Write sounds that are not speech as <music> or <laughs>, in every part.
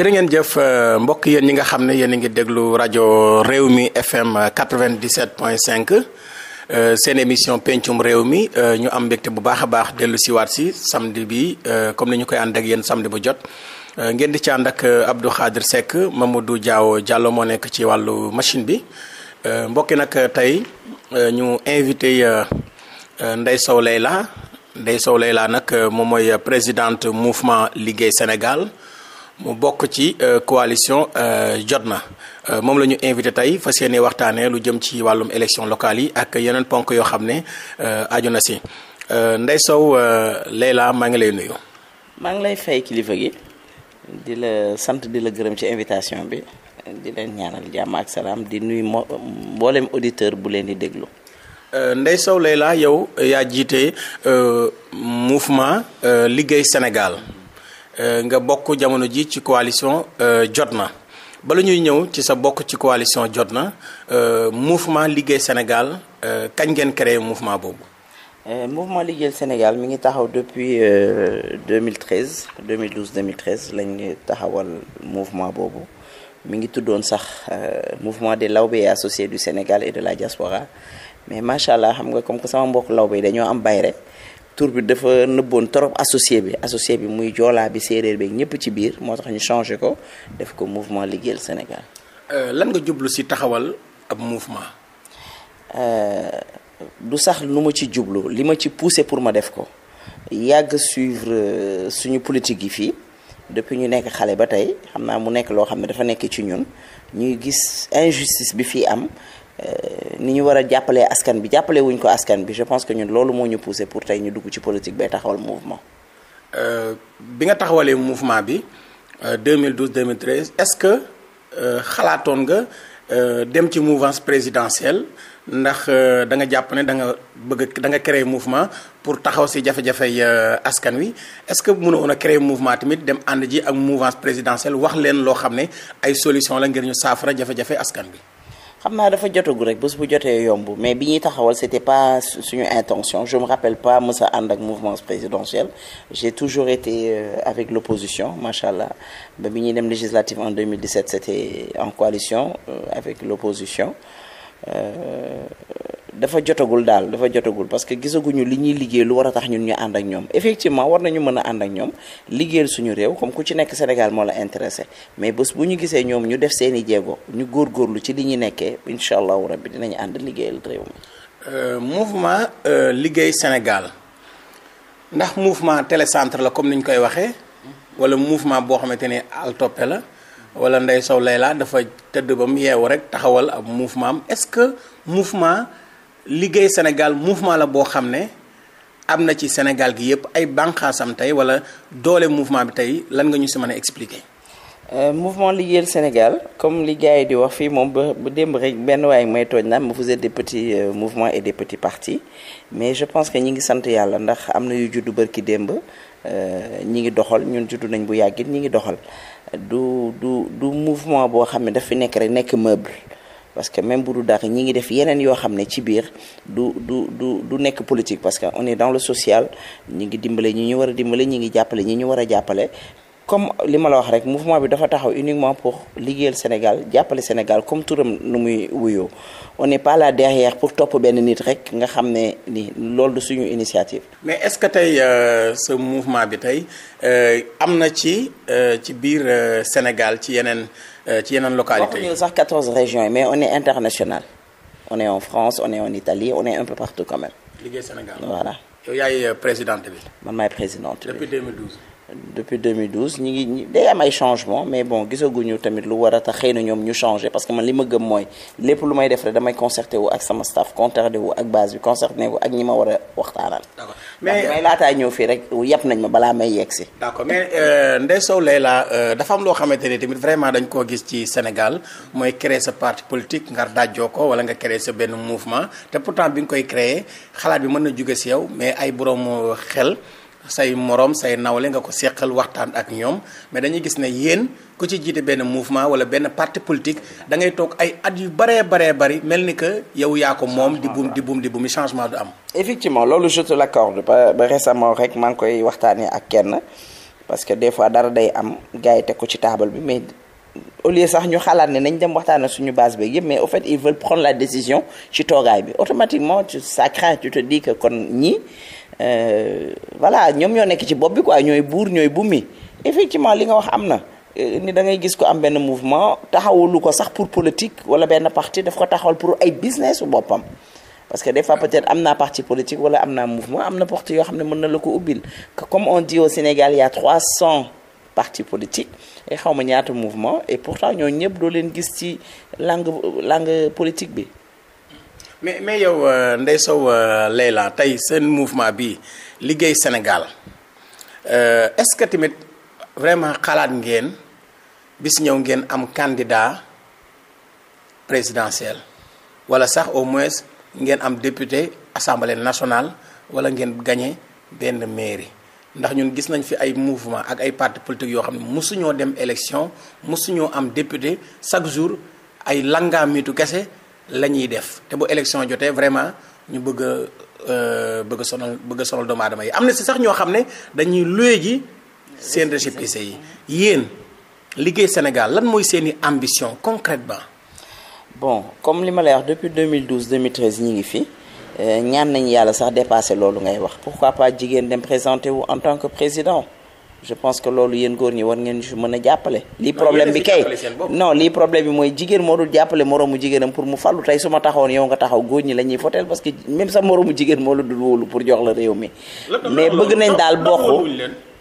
jërë ngeen jëf euh, mbokk yéen ñi nga xam ne yéen a ngi déglu rajo réew mi FM 97.5 Uh, seen émission pencum réew mi euh, ñu am mbégte bu baax a baax dellu siwaat si samedi bi euh, comme ni ñu koy ànd ak yéen samedi bu jot ngeen di ci ànd ak Abdou Khadir Seck Mamadou Diaw Diallo moo nekk ci wàllu machine bi mbokki nag tey ñu invité ndey Sow Leila ndey Sow Leila nag moom mooy présidente mouvement liggéey Sénégal mu bokk ci euh, coalition euh, na euh, moom la ñu invité tey fa yéene waxtaanee lu jëm ci wàllum élection locale yi ak yeneen ponk yoo xam ne aju na si ndey Sow Leila maa ngi lay nuyu. maa ngi lay fay kilifa gi di la sant di la gërëm ci invitation bi di leen ñaanal jàmm ak salaam di nuyu mo mboolem auditeur bu leen di déglu. ndey Sow Leila yow yaa jiite mouvement liggéey Sénégal. Euh, nga bokk jamono ji ci coalition euh, jot na bala ñuy ñëw ci sa bokk ci coalition jot na euh, mouvement liggéey Sénégal kañ ngeen créé mouvement boobu. mouvement liggéeyal Sénégal mi ngi taxaw depuis 2013 2012 2013 lañ taxawal mouvement boobu mi ngi tuddoon sax mouvement de lawbe et associés du Sénégal et de la diaspora mais macha allah xam nga comme que sama mbokk lawbe dañoo am bayre tur bi dafa nëbboon trop associé bi associé bi muy joolaa bi séeréer bi ñëpp ci biir moo tax ñu changé ko def ko mouvement liggéeyal Sénégal. Euh, lan nga jublu si taxawal ab mouvement. Euh, du sax lu ma ci jublu li ma ci poussé pour ma def ko yàgg suivre euh, suñu politique yi fii depuis ñu nekk xale ba tey xam naa mu nekk loo xam ne dafa nekk ci ñun ñuy gis injustice bi fii am. Euh, ni ñu war a jàppalee askan bi jàppale wuñ ko askan bi je pense que ñun loolu moo ñu poussé pour tey ñu dugg ci politique bay taxawal mouvement. Euh, bi nga taxawalee mouvement bi 2012 euh, 2013 est-ce que xalaatoon nga dem ci mouvance présidentielle ndax da nga jàpp ne da nga bëgg danga nga créer mouvement pour taxaw si jafe-jafey askan wi est-ce que mënoon a créer mouvement tamit dem ànd ji ak mouvance présidentielle wax leen loo xam ne ay solution la ngir ñu saafara jafe-jafe askan bi. xam naa dafa jotagu rek bés bu jotee yomb mais bi ñuy taxawal c'était pas suñu intention je me rappelle pas mësa ànd ak mouvement présidentiel j'ai toujours été euh, avec l'opposition macha allah ba bi ñuy dem législative en 2017 c'était en coalition euh, avec l'opposition euh, dafa jotagul daal dafa jotagul parce que gisaguñu li ñuy liggéey lu war a tax ñun ñu ànd ak ñoom effectivement war nañu mën a ànd ak ñoom liggéeyal suñu réew comme ku ci nekk Sénégal moo la intéressé mais bés bu ñu gisee ñoom ñu def seeni jéego ñu góor góorlu ci li ñu nekkee incha allahu rabbi dinañu ànd liggéeyal réew mi. Euh, mouvement euh, liggéey Sénégal ndax mouvement télécentre la comme ni ñu koy waxee wala mouvement boo xamante ni altoppe la. wala ndey Sow Layla dafa tëdd ba yeewu rek taxawal ab mouvement am est-ce que mouvement. liggéey Sénégal mouvement la boo xam ne am na ci Sénégal gi yëpp ay bànqaasam tey wala doole mouvement bi tey lan nga ñu si mën a expliquer. Euh, mouvement liggéeyal Sénégal comme li gars di wax fii moom ba ba démb rek benn waay mooy tooñ naan ma vous êtes des petits euh, mouvements et des petits parti mais je pense que ñi ngi sant yàlla ndax am na yu juddu bërki démb euh, ñi ngi doxal ñun juddu nañ bu yàggit ñi ngi doxal du du du mouvement boo xam ne daf nekk rek nekk meuble. parce que même bu du dara ñi ngi def yeneen yoo xam ne ci biir du du du du nekk politique parce que on dans le social ñi ngi dimbale ñi ñu war a dimbale ñi ngi jàppale ñi ñu war a jàppale comme li ma la wax rek mouvement bi dafa taxaw uniquement pour liggéeyal Sénégal jàppale Sénégal comme touram nu muy wuyoo on n'est pas là pour topp benn nit rek nga xam ne ni loolu du suñu initiative. mais est-ce que tey euh, ce mouvement bi tey euh, am na ci euh, ci biir Sénégal ci yeneen. Euh, ci yeneen localité yi waxuñu sax 14 régions yi mais on est international on France on est Italie on est un peu partout quand même. liggéey Sénégal voilà. yow yaay euh, bi. man maay présidente bi depuis 2012 ñi ngi day am ay changement mais bon gisaguñu tamit lu war a tax xëy na ñoom ñu changé parce que man li ma gëm mooy lépp lu may def rek damay concerté wu ak sama staff concerté wu ak base bi concerté wu ak ñi ma war a waxtaanal. d'accord mais laataa ñëw fii rek yàpp nañ ma balaa may yegg si. d'accord mais euh, Ndeye Sow Leila euh, dafa am loo xamante ne tamit vraiment dañ koo gis ci Sénégal mooy créer sa parti politique ngar daajoo ko wala nga créer sa benn mouvement te pourtant bi nga koy créer xalaat bi mën na jóge si yow mais ay borom xel. say moroom say nawle nga ko seqal waxtaan ak ñoom mais dañuy gis ne yéen ku ci jiite benn mouvement wala benn parti politique dangay ngay toog ay at yu baree baree bari mel ni que yow yaa ko moom di buum di buum di buum changement du am. effectivement loolu je te l'accorde ba ba récemment rek maa ngi koy waxtaanee ak kenn parce que des fois dara day am gars yi teg ko ci taabal bi mais. au lieu sax ñu xalaat ne nañ dem waxtaan suñu base bi yëpp mais fait ils veulent prendre la décision ci toogaay bi automatiquement tu ça craint te dis que Euh, voilà ñoom ñoo nekk ci bopp bi quoi ñooy buur ñooy bumi effectivement li nga wax am na euh, ni da ngay gis ko am benn mouvement taxawalu ko sax pour politique wala benn parti daf ko taxawal pour ay business boppam parce que des fa peut-être am naa parti politique wala am naa mouvement am na porte yoo xam ne mën na la ko ubbil comme on dit au Sénégal il y a 300 partis politiques xaw ma ñaata mouvement et pourtant ñoo ñëpp doo leen gis ci langue langue politique bi mais mais yow euh, Ndeye Sow euh, Leila tey seen mouvement bi liggéey Sénégal euh, est-ce que tamit vraiment xalaat ngeen bis ñëw ngeen am candidat présidentiel wala sax au moins ngeen am député assemblée nationale wala ngeen gañe benn mairie ndax ñun gis nañ fi ay mouvement ak ay parti politique yoo xam ne mosuñoo dem élection mosuñoo am député chaque jour ay langaamitu kese. la ñuy def te bu élection jotee vraiment ñu bëgg a euh, bëgg sonal bëgg a sonal doomu aadama yi am na si sax ñoo xam ne dañuy luye ji seen récépissé yi yéen liggéey Sénégal lan mooy seen i ambition concrètement bon comme li ma lay wax depuis 2012 2013 ñi ngi fi euh, ñaan nañ yàlla sax dépassé loolu ngay wax pourquoi pas jigéen dem présenter wu en tant que président je pense que loolu yéen góor ñi war ngeen si mën a jàppale lii problème bi kay non lii problème bi mooy jigéen moo dul jàppale moroomu jigéenam pour mu fàllu tey su ma taxawoon yow nga taxaw góor ñi la ñuy foteel parce que même sa moroomu jigéen moo la dul wóolu pour jox la réew mi mais bëgg nañ daal bokk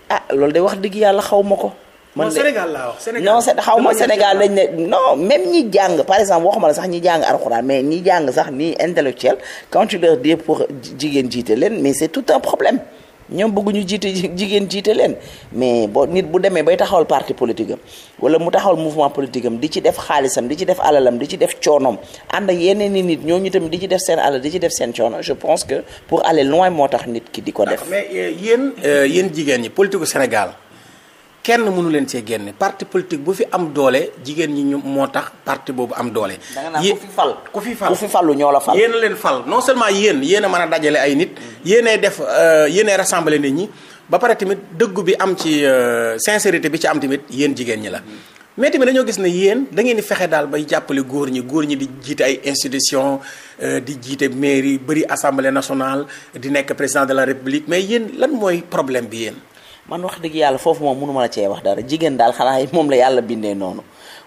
ah loolu de wax dëgg yàlla xaw ma ko man Sénégal laa Sénégal non xaw ma Sénégal dañ ne non même ñi jàng par exemple waxuma la sax ñi jàng alxuraan mais ñi jàng sax ni intellectuel quand tu jigéen jiite leen mais c'est tout un ñoom bëgguñu jiite jigéen jiite leen mais boo nit bu demee bay taxawal parti politique am wala mu taxawal mouvement politique am di ci def xaalisam di ci def alalam di ci def coonoom ànd ak yeneen i nit ñooñu tamit di ci def seen alal di ci def seen coono je pense que pour ale loin moo tax nit ki di ko def. mais euh, yéen euh, yéen jigéen ñi politique Sénégal. kenn mënu leen see génne parti politique bu fi am doole jigéen ñi ñu moo tax parti boobu am doole. yéen ku fi fal ku fi fal ku fi ñoo la fal. yéen leen fal non seulement yéen yéen a mën a dajale ay nit. yéenay def euh, yéenay rassemblé nit ñi ba pare tamit dëggu bi am ci euh, sincérité bi ci am tamit yéen jigéen ñi la. mais tamit dañoo gis ne yéen da ngeen di fexe daal bay jàppale góor ñi góor ñi di jiite ay institution euh, di jiite mairie bëri assemblée nationale di nekk président de la république mais yéen lan mooy problème bi yéen. man wax dëgg yàlla foofu moom mënu la cee wax dara jigéen daal xanaa <laughs> moom la yàlla bindee noonu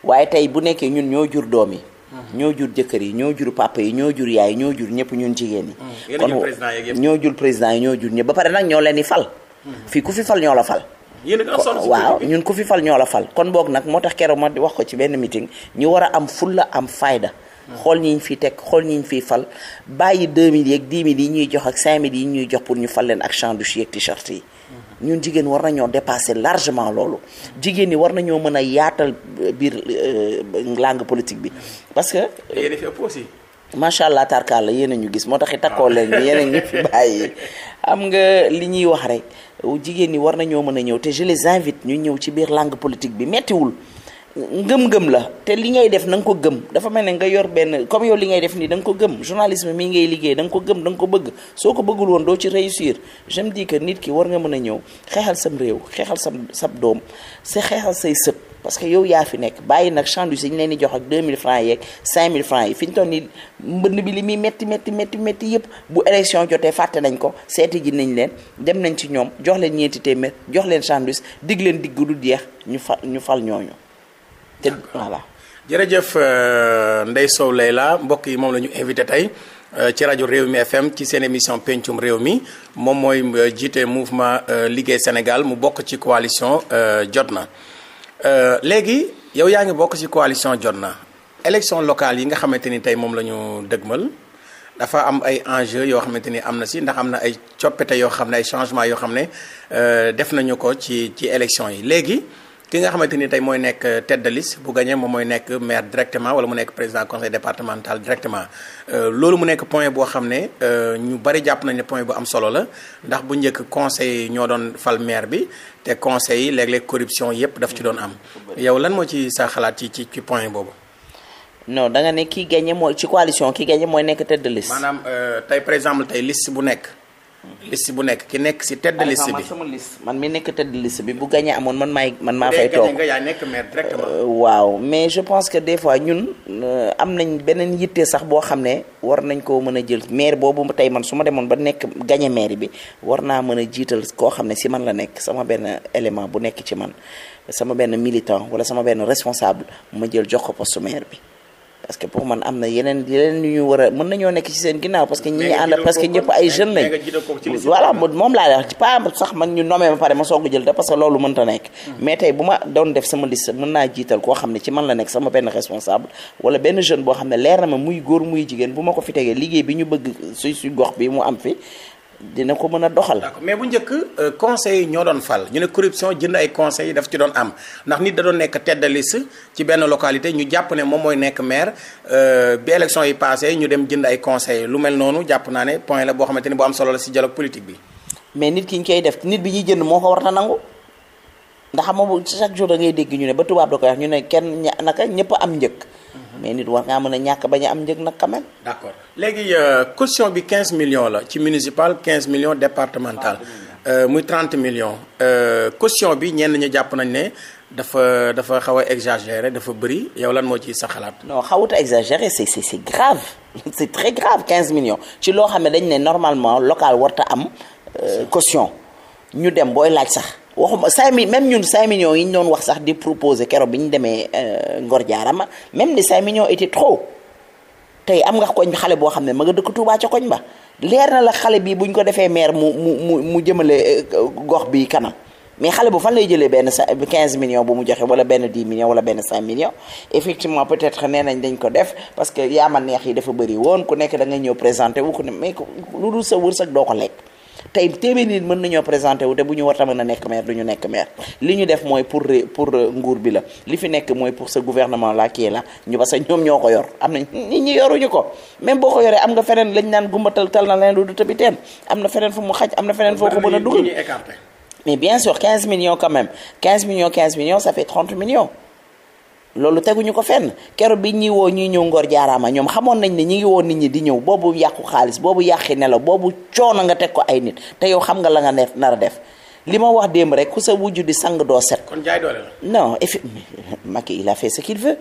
waaye tey bu nekkee ñun ñoo jur doom yi. Mm-hmm. ñoo jur jëkkër yi ñoo jur papa yi ñoo jur yaay yi ñoo jur ñëpp ñun jigéen yi. Mm-hmm. ñoo jur président yi ñoo jur ñëpp ba pare nag ñoo leen di fal. Mm-hmm. fii ku fi fal ñoo la fal. waaw ñun ku fi fal ñoo la fal kon boog nag moo tax keroog ma wax ko ci benn meeting ñu war a am fulla am fayda. xool ñi ñu teg xool ñi ñu fal bàyyi 2000 yeeg yi ñuy jox ak 5000 yi ñuy jox pour ñu fal leen ak champ douche t-shirt yi ñun jigéen war nañoo dépassé largement loolu jigéen ñi war nañoo mën a yaatal euh, biir euh, langue politique bi parce que. Euh, yéen aussi. macha allah tarkaal la yéen a ñu gis moo tax it takkoo leen ñu yéen ñu fi bàyyi am nga li ñuy wax rek jigéen ñi war nañoo mën a ñëw te je les invite ñu ñëw ci biir langue politique bi mettiwul. ngëm-ngëm la te li ngay def na nga ko gëm dafa mel ne nga yor benn comme yow li ngay def nii danga ko gëm journalisme mi ngay liggéey da nga ko gëm danga ko bëgg soo ko bëggul woon doo ci réussir je me que nit ki war nga mën a ñëw xeexal sam réew xeexal sa sab doom sa xeexal say sët parce que yow yaa fi nekk bàyyi nag sandwich yi ñu leen di jox ak 2000 francs yeeg 5000 francs yi fi ñu toll nii mbënd bi li muy métti métti métti métti yëpp bu élection jotee fàtte nañ ko seeti ji nañ leen dem ci ñoom jox leen ñeenti téeméer jox leen sandwich dig leen digg du jeex ñu fa ñu fal ñooñu te voilà. jërëjëf euh, Ndeye Sow Leila mbokk yi moom la ñu invité tey euh, ci rajo réew mi FM ci seen émission pencum réew mi moom mooy euh, jiite mouvement liggéey Sénégal mu bokk ci coalition Jotna léegi yow yaa ngi bokk ci coalition na élection locale yi nga xamante ni tey moom la ñu dëgmal dafa am ay enjeu yoo xamante ni am na si ndax am na ay coppite yoo xam ne ay changement yoo xam ne def nañu ko ci ci élection yi léegi. ki nga xamante ni tey mooy nekk euh, tête de bu gagné moom mooy nekk maire directement wala mu nekk président conseil départemental directement euh, loolu mu nekk point boo xam ne euh, ñu bari jàpp nañ ne point bu am solo la ndax bu njëkk conseil ñoo doon fal maire bi te conseil yi léeg-léeg corruption yépp daf ci doon am yow lan moo ci sa xalaat yi ci ci point boobu non da nga ne kii gagné mooy ci coalition kii gagné mooy nekk tête de liste. maanaam tey par exemple tey liste bu nekk liste bu nekk ki nekk si tedd liste bi sama liste man mi nekk tedd liste bi bu gagné amoon man maay man maa fay toog nekk maire directement euh, waaw mais je pense que des fois ñun euh, am nañ beneen yitte sax boo xam ne war nañ koo mën a jël maire boobu tey man su ma demoon ba nekk gagné maire bi war naa mën a jiital koo xam ne si man la nekk sama benn élément bu nekk ci man sama benn militant wala sama benn responsable ma jël jox ko poste maire bi parce que pour man am na yeneen yeneen ñu war a mën nañoo nekk ci seen ginnaaw parce que ñi ñu ànd parce que ñëpp ay jeunes lañ voilà moom laa wax ci pas sax man ñu nommé ma pare ma soog a jël da parce que loolu mën nekk hmm. mais tey bu ma doon def sama liste mën naa jiital koo xam ne ci man la nekk sama benn responsable wala benn jeune boo xam ne leer na ma muy góor muy jigéen bu ma ko fi tegee liggéey bi ñu bëgg suy suy gox bi mu am fi dina ko mën a doxal. d'accord mais bu njëkk euh, conseil yi ñoo doon fal ñu ne corruption jënd ay conseils yi daf ci doon am ndax nit da doon nekk tête de ci benn localité ñu jàpp ne moom mooy nekk maire euh, bi élection yi passé ñu dem jënd ay conseil lu mel noonu jàpp naa ne point la boo xamante ne bu am solo la si dialogue politique bi. mais nit ki ñu koy def nit bi ñuy jënd moo ko war a nangu. ndax moom chaque jour da dégg ñu ne ba tubaab da koy wax ñu ne kenn ña naka ñëpp am njëkk. mais nit war ngaa mën a ñàkk bañ am njëg nag quand même. d' accord léegi euh, caution bi 15 millions la ci municipal 15 millions départemental. Euh, muy million millions. Euh, caution bi ñeen ñu jàpp nañ ne dafa dafa xaw a exagéré dafa bëri yow lan moo ci sa xalaat. noo xawut a exagéré c' est c' est c' est grave <laughs> c' très grave 15 millions ci loo xam ne dañ ne normalement local warta am caution ñu dem booy laaj sax. waxuma cinq mille même ñun cinq millions yi ñu doon wax sax di proposé keroog bi ñu demee euh, Ngor Jaarama même les cinq millions étaient trop tey am nga koñ xale boo xam ne ma nga dëkk Touba ca koñ ba leer na la xale bi buñ ko defee maire mu mu mu mu jëmale euh, euh, gox bi kanam mais xale bu fan lay jëlee benn sa 15 millions bu mu joxe wala benn 10 millions wala benn 5 millions effectivement peut-être nee nañ dañ ko def parce que yaama neex yi dafa bari woon ku nekk da ngay ñëw présenté wu ku ne mais lu dul sa wërsëg doo ko lekk. tey téeméeri nii mën nañoo présenté wu te bu ñu war a mën a nekk maire lu ñu nekk maire li ñu def mooy pour pour euh, nguur bi la li fi nekk mooy pour ce gouvernement là kii la ñu parce que ñoom ñoo ko yor am na nit ñi yoruñu ko même boo ko yoree am nga feneen lañ naan gumbatal tal na leneen lu du tabi teen am na feneen fu mu xaj am na feneen foo ko mën a dugal mais bien sûr 15 millions quand même 15 millions 15 millions ça millions loolu teguñu ko fenn kero bi ñuy woo ñuy ñëw Ngor jaaraama ñoom xamoon nañ ne ñi ngi woon nit ñi di ñëw boobu yàqu xaalis boobu yàqi nelaw boobu coono nga teg ko ay nit te yow xam nga la nga neef nar a def li ma wax démb rek ku sa wujju di sang doo set. kon jaay doole la. non et puis <laughs> fait ce qu'il veut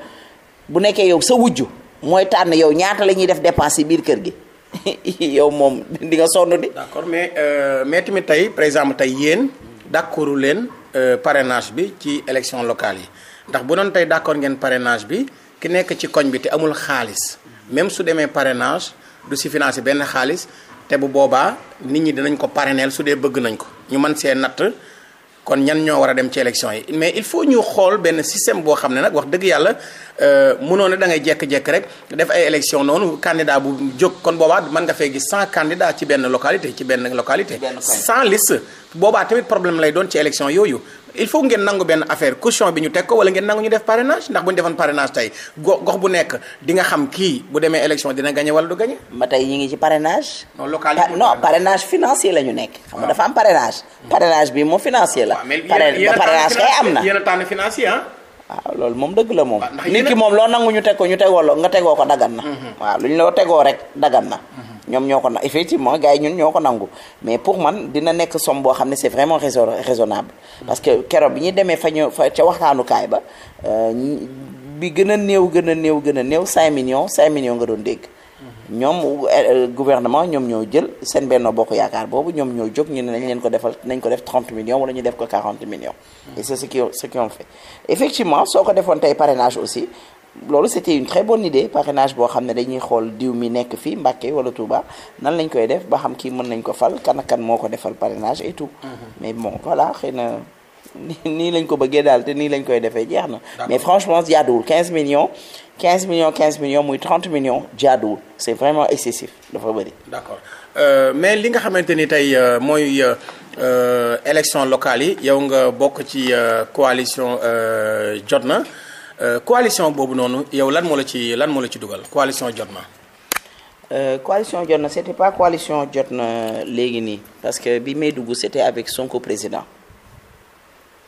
bu nekkee yow sa wujju mooy tànn yow ñaata la ñuy def dépense yi biir kër gi <laughs> yow moom di nga sonn di. d'accord mais euh, mais tamit tey par exemple tey yéen d'accordu leen euh, parenage bi ci élection locale yi. ndax bu doon tey d'accord ngeen parrainage bi ki nekk ci koñ bi te amul xaalis même su demee parenage du si financé benn xaalis te bu boobaa nit ñi dinañ ko parrainel su dee bëgg nañ ko ñu mën see natt kon ñan ñoo war a dem ci élection yi mais il faut ñu xool benn système boo xam ne nag wax dëgg yàlla euh, mënoon na da ngay jekk-jekk rek def ay élection noonu candidat bu jóg kon boobaa mën nga fee gis cent candidats ci benn localité ci benn localité sans liste boobaa tamit problème lay doon ci élection il faut ngeen nangu benn affaire caution bi ñu teg ko wala ngeen nangu ñu def parrainage ndax bu ñu defoon parrainage tey go gox bu nekk di nga xam kii bu demee élection dina gagné wala du gagné. ba tey ñu ngi ci parrainage. non local non parrainage financier la ñu nekk. xam nga ah. dafa am parrainage. parrainage bi moom financier la. waaw ah, parrainage kay am na yéen a tànn financier ah. waaw loolu moom dëgg la moom. Ah, nit ki moom loo nangu ñu teg ko ñu tegoo la nga tegoo ko daggan na. Mhm. waaw lu ñu loo tegoo rek dagan na. Mhm. ñoom ñoo ko na effectivement gars yi ñun ñoo ko nangu mais pour man dina nekk somme boo xam ne c'est vraiment raisonnable parce que keroog bi ñuy demee fa ñu fa ca waxtaanukaay ba euh, bi gën a néew gën a néew gën a néew 5 millions 5 millions nga doon dégg ñoom euh, gouvernement ñoom ñoo jël seen Benno Bokk Yaakaar boobu ñoom ñoo jóg ñu ne nañ leen ko defal nañ ko def 30 millions wala ñu def ko 40 millions et c'est ce qui ce qui ont fait effectivement aussi loolu c'était une très bonne idée parrainage boo xam ne dañuy xool diw mi nekk fii Mbàkke wala Touba nan lañ koy def ba xam kii mën nañ ko fal kan ak kan moo ko defal parrainage et tout. Mhm. mais bon voilà xëy na <laughs> nii lañ ko bëggee daal te nii lañ koy defee jeex na. mais franchement jaaduwul 15 millions 15 millions 15 millions muy 30 millions jaaduwul c'est vraiment excessif dafa bëri. d'accord euh, mais li nga xamante ni tey euh, mooy. Euh, euh, élection locale yi yow nga bokk ci coalition Jotna Euh, coalition boobu noonu yow lan moo la ci lan moo la ci dugal coalition Jotna. Euh, coalition Jotna c' était pas coalition Jotna léegi nii parce que bi may dugg c' était avec Sonko président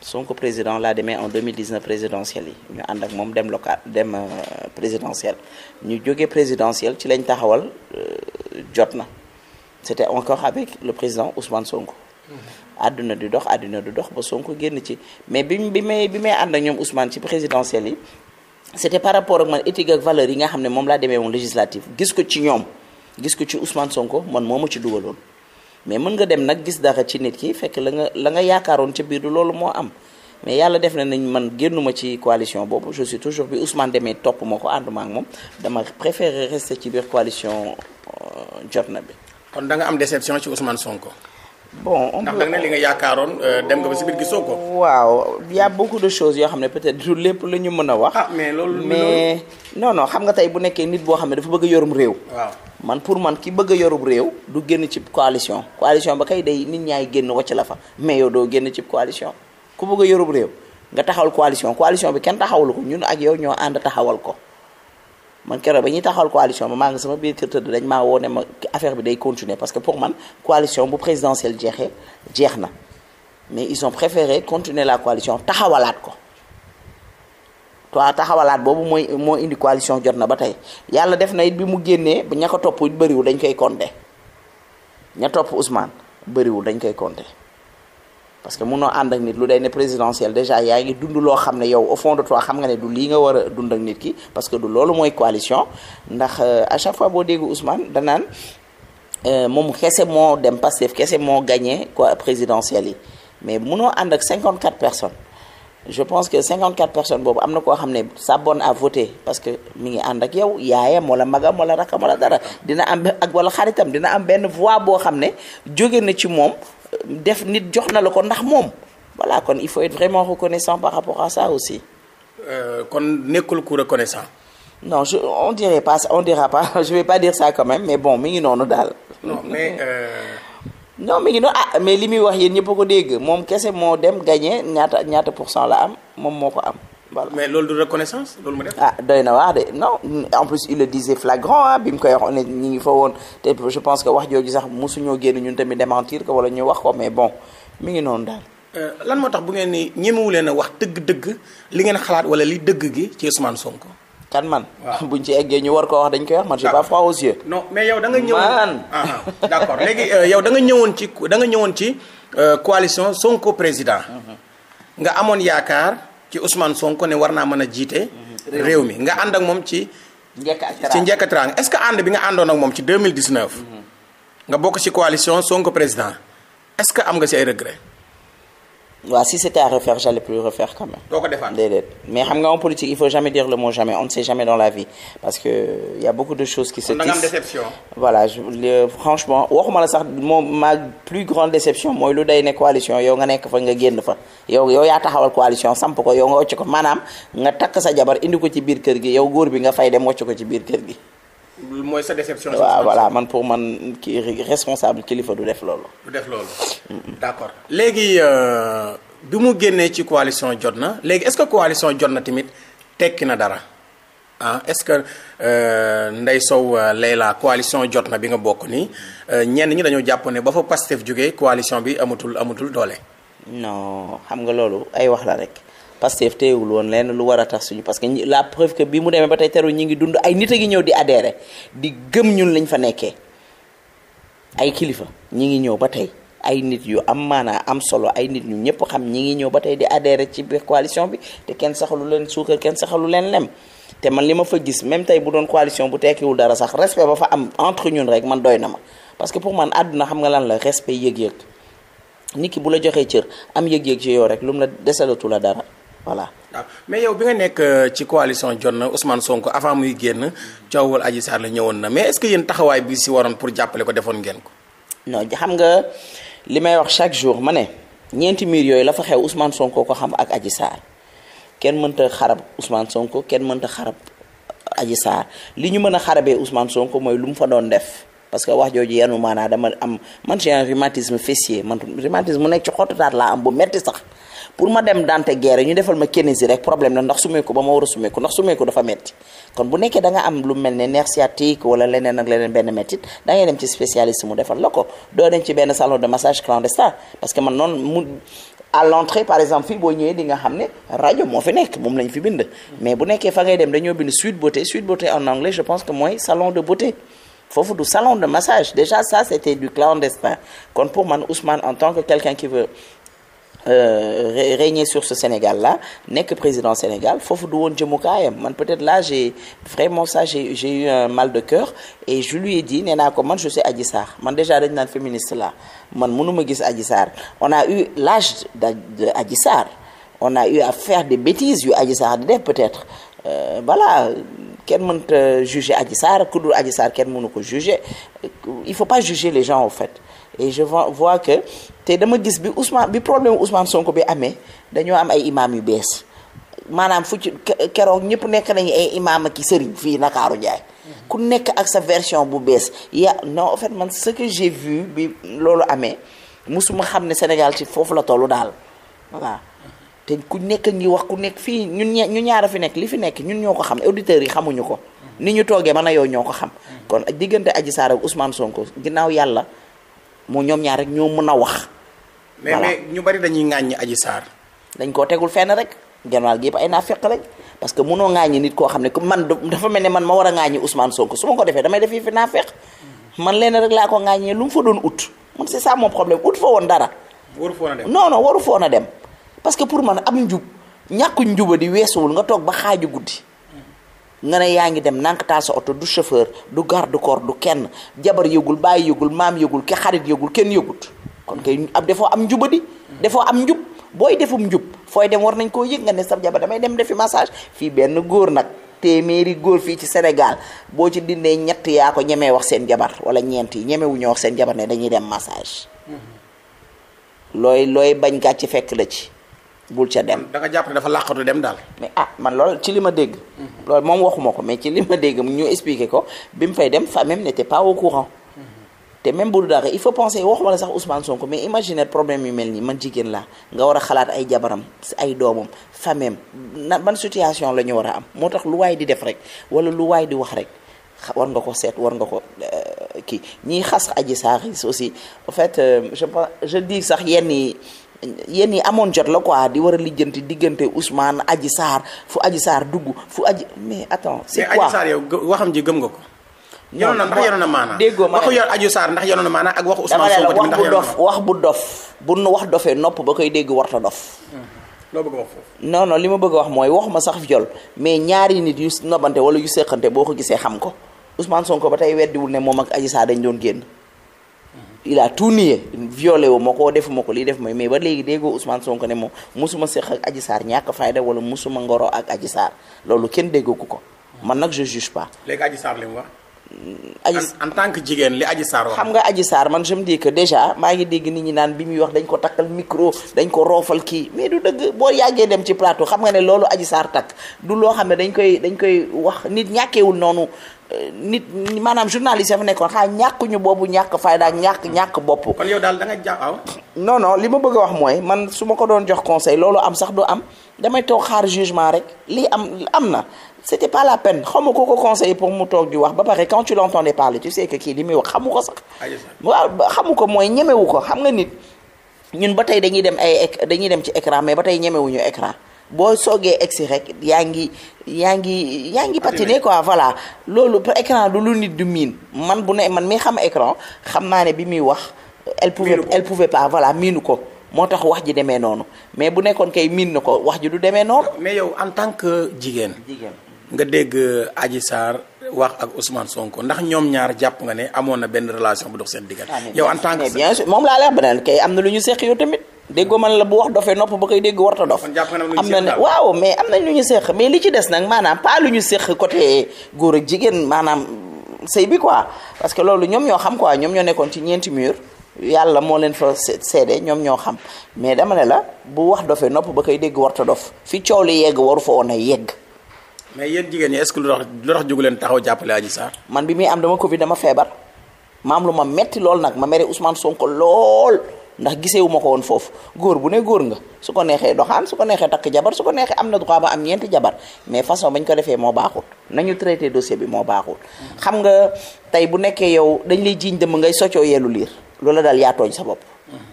Sonko président laa demee en 2019 présidentielle yi ñu ànd ak moom dem local dem euh, présidentielle ñu jóge présidentielle ci lañ taxawal Jotna c' était encore avec le président Ousmane Sonko. Mmh. àdduna di dox àdduna di dox ba Sonko génn ci mais bi bi may bi may ànd na ñoom Ousmane ci présidentielle yi c'était par rapport ak man éthique ak valeur yi nga xam ne moom laa demee woon législative gis ko ci ñoom gis ko ci Ousmane Sonko man moo ma ci dugaloon mais mën nga dem nag gis dara ci nit ki fekk la nga la nga yaakaaroon ca biir du loolu moo am mais yàlla def na nañ man génnuma ci coalition boobu je suis toujours bi Ousmane demee topp ma ko ànduma ak moom dama préféré rester ci biir coalition euh, jot na bi kon da nga am déception ci Ousmane Sonko bon ndax da nga ne li nga yaakaaroon euh, dem nga ba si biir gisoo ko. waaw y' a beaucoup de choses yoo xam ne peut-être du lépp la ñu mën a wax. ah mais loolu mais non non xam nga tey bu nekkee nit boo xam ne dafa bëgg a yorum réew. man pour man ki bëgg a yorum réew. du génn ci coalition. coalition ba kay day nit ñaay génn wacc la fa mais yow doo génn ci coalition ku bëgg a yorum réew nga taxawal coalition coalition bi kenn taxawalu ko ñun ak yow ñoo ànd a taxawal ko. man keroog ba ñuy taxawal coalition ba maa ngi sama biir kër tëdd dañ maa woo ne ma affaire bi day continuer parce que pour man coalition bu présidentielle jeexee jeex na mais ils ont préféré continuer la coalition taxawalaat ko toi taxawalaat boobu mooy moo indi coalition jot na ba tey yàlla def na it bi mu génnee ba ña ko topp it bëriwul dañ koy conté ña topp Ousmane bëriwul dañ koy conté parce que munoo ànd ak nit lu day ne présidentiel déjà yaa ngi dund loo xam ne yow au fond de toi xam nga ne du lii nga war a dund ak nit ki parce que du loolu mooy coalition ndax euh, à chaque fois boo dégg Ousmane danaan euh, moom kese moo dem Pastef kese moo gagné quoi présidentielle yi mais munoo ànd ak 54 personnes je pense que 54 personnes boobu am na koo xam ne s'abonne à voter parce que mi ngi ànd ak yow yaayam wala magam wala rakam wala dara dina am ak wala xaritam dina am benn voix boo xam ne jóge na ci moom. def nit jox na la ko ndax moom voilà kon il faut être vraiment reconnaissant par rapport à ça aussi. Euh, kon nekkul ku reconnaissant. non je on dirait pas on dira pas <laughs> je vais pas dire ça quand même mais bon mi ngi noonu daal. non mais. Euh... non mi ngi noonu ah mais li muy wax yéen ñëpp ko dégg moom kese moo dem gagné ñaata ñaata pour cent la am moom moo ko am. voilà mais loolu du reconnaissance loolu mu def. ah doy na wax de non en plus il le disait flagrant bi mu koy wax ne ñi ngi fa woon te je pense que wax jooju sax mosuñoo génn ñun tamit démentir ko wala ñu wax ko mais bon mi ngi noonu daal. Euh, lan moo tax bu ngeen ni ñemewu leen a wax dëgg-dëgg li ngeen xalaat wala li dëgg gi ci Ousmane Sonko. kan man <laughs> buñ ci eggee ñu war koo wax dañ koy wax man j'ai pas froid aux yeux mais yow da nga ñëwoon man ah, ah, d'accord léegi euh, yow da nga ñëwoon ci da nga ñëwoon ci euh, coalition Sonko président mhm. nga amoon yaakaar ci Ousmane Sonko ne war naa mën a jiite. réew mi nga ànd ak moom ci. njëkk ak ci njëkk teraanga est-ce que ànd bi nga àndoon ak moom ci 2019. Mhm. nga bokk ci coalition Sonko président est-ce que am nga ci ay regret. waaw si c'était à refaire j'allais plus refaire quand même. doo ko defaat déedéet mais xam nga en politique il faut jamais dire le mot jamais on ne jamais dans la vie parce que euh, y a beaucoup de choses qui se tissent. voilà franchement waxuma la sax moom ma plus grande déception mooy lu day ne coalition yow nga nekk fa nga génn fa yow yow yaa taxawal coalition samp ko yow nga wocc ko maanaam nga takk sa jabar indi ko ci biir kër gi yow góor bi nga fay dem wocc ko ci biir kër gi. mooy sa déception. waaw voilà man pour man kii responsable kilifa du def loolu. du def loolu. d'accord léegi euh, bi mu génnee ci coalition jot na léegi est-ce que coalition jot na tamit tekki na dara ah est-ce que euh, Ndeye Sow euh, Leila coalition jot na bi nga bokk nii ñenn ñi dañoo jàpp ne ba fa Pastef jógee coalition bi amatul amatul doole. non xam nga loolu ay wax la rek. Pastef teewul woon lenn lu war a tax suñu parce que la preuve que bi mu demee ba tey teru ñi ngi dund ay nit a ngi ñëw di adhéré di gëm ñun lañ fa nekkee ay kilifa ñi ngi ñëw ba tey ay nit yu am maanaa am solo ay nit ñu ñëpp xam ñi ngi ñëw ba tey di adhéré ci biir coalition bi te kenn saxalu leen suukar kenn saxalu leen lem te man li ma fa gis même tey bu doon coalition bu tekkiwul dara sax respect ba fa am entre ñun rek man doy na ma parce que pour man àdduna xam nga lan la respect yëg-yëg nit ki bu la joxee cër am yëg-yëg rek lu mu la desalatu dara voilà. waaw mais yow bi nga nekk euh, ci coalition na usman Sonko avant muy génn coowal Adji Sarr la ñëwoon na mais est-ce que yéen taxawaay bii si waroon pour jàppale ko defoon ngeen ko. non xam nga li may wax chaque jour ma ne ñeenti miir yooyu la fa xew Ousmane ko xam ak Adji Sarr kenn mënta xarab Ousmane Sonko kenn mënta xarab Adji Sarr li ñu mën a xarabee Ousmane Sonko mooy lu mu fa doon def. parce que wax jooju yenu maanaa dama am man j'ai un rhumatisme fessier man rhumatisme mu nekk ci xottutaat laa am bu metti sax. pour ma dem dante guerre ñu defal ma kinési rek problème la ndax sumeeku ba ma war a sumeeku ndax sumeeku dafa metti kon bu nekkee da am lu mel ne nerf sciatique wala leneen ak leneen benn mettit da dem ci spécialiste mu defal la ko doo dem ci benn salon de massage clandestin parce que man noonu mu à l'entrée di nga xam ne rajo moo fi nekk moom lañ fi bind mais bu nekkee fa ngay dem dañoo bind suite beauté suite beauté en anglais je pense que mooy salon de beauté foofu du salon de massage déjà ça c'était du clandestin kon Euh, régner sur ce Sénégal la nekk président Sénégal foofu du woon jëmukaayam man peut-être là j'ai vraiment ça j'ai eu un mal de cœur et je lui ai dit nee naa ko man je suis Adji man déjà dañu naan féministe la man mënuma gis Adji Sarr on a eu l'âge de Adji on a eu à faire des bêtises yu Adji Sarr de peut-être euh, voilà kenn mënta juger Adji Sarr ku dul Adji Sarr kenn mënu ko juger il faut pas juger les gens en fait et je vois que te dama gis bi Ousmane bi problème Ousmane Sonko bi amee dañoo am ay imaam yu bees maanaam fu ci keroog ñëpp nekk nañu ay imaam ak i sëriñ fii Ndakaaru Njaay ku nekk ak sa version bu bees ya non en man ce que j'ai vu bi loolu amee musuma xam ne Sénégal ci foofu la tollu daal voilà te ku nekk ngi wax ku nekk fii ñun ñu ñaar a fi nekk li fi nekk ñun ñoo ko xam auditeurs yi xamuñu ko ni ñu toogee man a yow ñoo ko xam kon diggante Adji Sarr ak Ousmane Sonko ginnaaw yàlla moo ñoom ñaar rek ñoo mën a wax. mais mais ñu bari dañuy ŋàññi Adji Sarr. dañ koo tegul fenn rek genwaal gi yëpp ay naa fekk lañ parce que mënoo ŋàññi nit koo xam ne man dafa mel ne man ma war a ŋàññi Ousmane Sonko su ma ko defee damay def fi naa fekk man leen rek laa ko ŋàññee lu mu fa doon ut man c'est ça mon problème ut fa woon dara. waru foon a dem waru foon a dem parce que pour man am njub ñàkk njuba di weesuwul nga toog ba xaaju guddi. nga ne yaa ngi dem nank taa oto du chauffeur du garde corps du kenn jabar yëgul bàyyi yëgul maam yëgul ke xarit yëgul kenn yëgut kon kay ab defoo am di defoo am njub booy defum njub fooy dem war nañ koo yëg nga ne sa jabar damay dem defi massage fii benn góor nag téeméeri góor fii ci Sénégal boo ci dindee ñett yaa ko ñemee wax seen jabar wala ñeent yi ñeme wu ñoo wax seen jabar ne dañuy dem massage mm-hmm. looy looy bañ gàcce fekk la ci bul ca dem. da nga jàpp ne dafa làqatu dem daal. mais ah man loolu ci li ma dégg. Mhm. loolu moom waxuma ko mais ci li ma dégg ñu expliqué ko bi mu fay dem famille am n'était pas au courant. Mhm. te même bu du dara il faut penser waxuma la sax Ousmane Sonko mais imaginer problème yu mel nii man jigéen laa nga war a xalaat ay jabaram ay doomam famem na ban situation la ñu war a am moo tax lu waay di def rek wala lu waay di wax rek war nga ko seet war nga ko euh, kii ñiy xas aji saaxis aussi en fait euh, je je dis sax yenn yéen yi amoon jot la quoi di war a lijjanti diggante Ousmane Adji Sarr fu Adji Sarr dugg fu Adji mais attends c'est quoi mais waxam ji gëm nga ko. yoroon na ndax yoroon na déggoo ma waxu yor Adji Sarr na maanaam ak waxu Ousmane Sonko tamit ndax yoroon bu dof bu nu wax dofee nopp ba koy dégg warta dof. Hmm. loo bëgg wax foofu. non li ma bëgg a wax mooy wax ma sax viol mais ñaari nit yu nobante wala yu seqante boo ko gisee xam ko Ousmane Sonko ba tey weddiwul ne moom ak Adji Sarr dañ doon génn il a tout nié violé wu ma ko defuma ko lii def may mais ba léegi déggoo Ousmane Sonko ne moom musuma seq ak Adji ñàkk fayda wala musuma ngoro ak Adji loolu kenn déggoo ko ko man nag je juge léegi Adji Sarr li mu wax. Mm, en tant que jigéen li Adji Sarr wax. xam nga Adji Sarr man je me dis déjà maa ngi dégg nit ñi naan bi muy wax dañ ko takkal micro dañ ko roofal kii mais du dëgg boo yàggee dem ci plateau xam nga ne loolu Adji Sarr takk du loo xam ne dañ koy dañ koy wax nit ñàkkewul noonu nit maanaam journaliste yi fa nekkoon xaa ñàkkuñu boobu ñàkk fayda ak ñàkk ñàkk bopp. kon daal da nga jaaxaw. li ma bëgg a wax mooy man su ma ko doon jox conseil loolu am sax du am damay toog xaar jugement rek lii am am na c'était pas la peine xaw ko ko conseillé pour mu toog di wax ba pare quand tu l'entendais parler tu sais kii li muy wax xamu ko sax. waaw xamu ko mooy ñemewu ko xam nga nit ñun ba tey dañuy dem ay dañuy dem ci écran mais ba tey ñemewuñu écran boo soogee egsi rek yaa ngi yaa ngi yaa ngi patiner quoi voilà loolu écran du lu nit du miin man bu ne man mii xam écran xam naa ne bi muy wax elle pouvait elle pouvait pas voilà miinu ko moo tax wax ji demee noonu mais bu nekkoon kay miin na ko wax ji du demee noonu mais yow en tant que jigéen jigéen nga dégg euh, aji Sarr wax ak Ousmane Sonko ndax ñoom ñaar jàpp nga ne amoon na benn relation bu dox seen diggante ah, yow en tant que bien sûr moom laa leer beneen kay am na déggoo man la bu wax dofee nopp ba koy dégg warta dof am na ne waaw mais am nañ lu ñu seq mais li ci des nag maanaam pas lu ñu seq côté góor a jigéen maanaam sëy bi quoi parce que loolu ñoom ñoo xam quoi ñoom ñoo nekkoon ci ñeenti muur yàlla moo leen fa seede ñoom ñoo xam mais dama ne la bu wax dofee nopp ba koy dégg warta dof fi coow li yegg waru fa woon a yegg mais yéen jigéen ñi est-ce que lu tax lu leen taxaw jàppale Adji Sarr man bi muy am dama Covid dama feebar ma ma metti lool nag ma mere Ousmane Sonko lool ndax gisewu ma ko woon foofu góor bu ne góor nga su ko neexee doxaan su ko neexee takk jabar su ko neexee am na droit ba am ñeenti jabar mais façon bañ ko defee moo baaxul nañu traité dossier bi moo baaxul xam nga tey bu nekkee yow dañ lay jiiñ dëmm ngay soccoo yelu liir la daal yaa tooñ sa bopp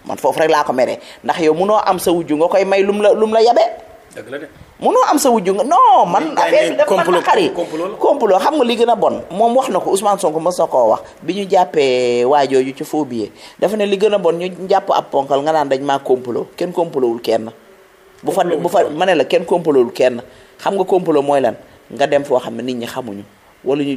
man foofu rek laa ko meree ndax yow munoo am sa wujju nga koy may lum la lum la yabe dëgg la de mënoo am sa wujju nga non man. affaire bi dafa ma naqari complot xam nga li gën a bon. moom wax na ko Ousmane Sonko mës na koo wax bi ñu jàppee waajooju ci foo billet dafa ne li gën a bon ñu jàpp ab ponkal nga naan dañ maa complot kenn complotwul kenn. bu fa bu fa manee la kenn complotwul kenn xam nga complot mooy lan nga dem foo xam ne nit ñi xamuñu. wala ñu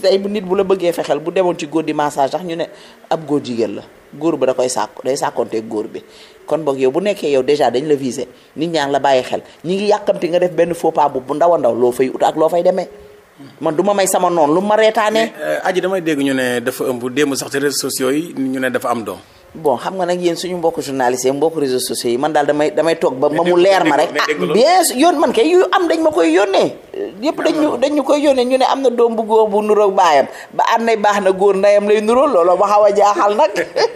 tey bu nit bu la bëggee fexeel bu demoon ci góor di massage sax ñu ne ab góor jigéen la góor ba da koy sàkk day sàkkoonteeg góor bi kon boog yow bu nekkee yow dèjà dañ la visé nit ñaa ngi la bàyyi xel ñi ngi yàkkamti nga def benn faux pas bu bu ndaw ndaw loo fay ut ak loo fay demee man du ma may sama noon lu ma reetaanee aji euh, damay dégg ñu ne dafa ëmb démb sax ci réseaux sociaux yi ñu ne dafa am doom bon xam nga nag yéen suñu mbokk journaliste yi mbokk réseaux sociaux yi man daal damay damay toog ba ma mu leer ma rek ah bien yoon man kay yu am dañ ma koy yónnee yëpp dañu dañu koy yoone ñu ne am na doom bu góor bu nuroog baayam ba àddinay baax na góor ndayam lay nuróol looloo ma xaw a jaaxal nag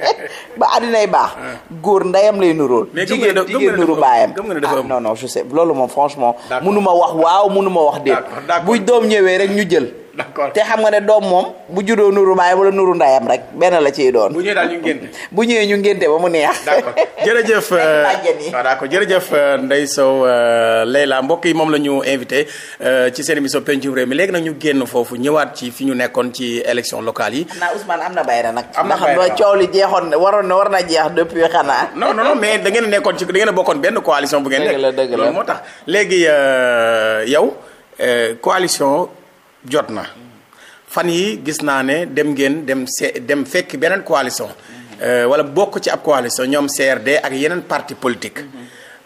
<laughs> ba àddinay baax ah. góor ndayam lay nuróol jigéen jigéen nuru baayam ah non non je sais loolu moom franchement mënu ma wax waaw mënu ma wax déet buy doom ñëwee rek ñu jël d'accord te xam nga ne doom moom bu juddoo nuru baayam wala nuru ndayam rek benn la ciy doon. bu ñëwee daal ñu ngénte. bu ñëwee ñu ngénte ba mu neex. d'accord <laughs> jërëjëf. Euh, ah, d'accord jërëjëf euh, Ndeye Sow euh, Leila mbokk yi moom la ñu invité ci seen émission pencum réew mi léegi nag ñu génn foofu ñëwaat ci fi ñu nekkoon ci élection locale yi. xanaa Ousmane am na bayra nag. am na bayra ndax coow li jeexoon na waroon na war na jeex depuis xanaa. non non non mais da nekkoon ci da ngeen bokkoon benn coalition bu ngeen. dëgg la dëgg la moo tax léegi yow jot na fan yi gis naa ne dem ngeen dem se dem fekki beneen coalition euh, wala bokk ci ab coalition ñoom CRD ak yeneen parti politique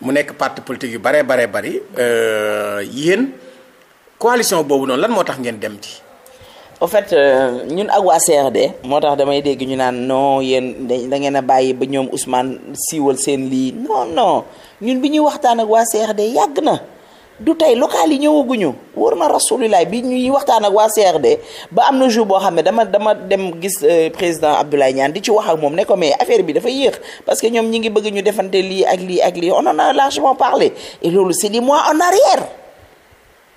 mu nekk parti politique yu baree baree bari euh, yéen coalition boobu noonu lan moo tax ngeen dem ci au fait euh, ñun ak waa CRD moo tax damay dégg ñu naan non yéen da ngeen a bàyyi ba ñoom Ousmane siiwal seen lii non non ñun bi ñuy waxtaan ak waa CRD yàgg na du tey local yi ñëwaguñu wóor na rasulilah bi ñuy waxtaan ak waa CRD ba am na jour boo xam ne dama dama dem gis euh, président Abdoulaye ñaan di ci wax ak moom ne ko mais affaire bi dafa yéex parce que ñoom ñi ngi bëgg ñu defante lii ak lii ak lii on en a largement parlé et loolu c'est des mois en arrière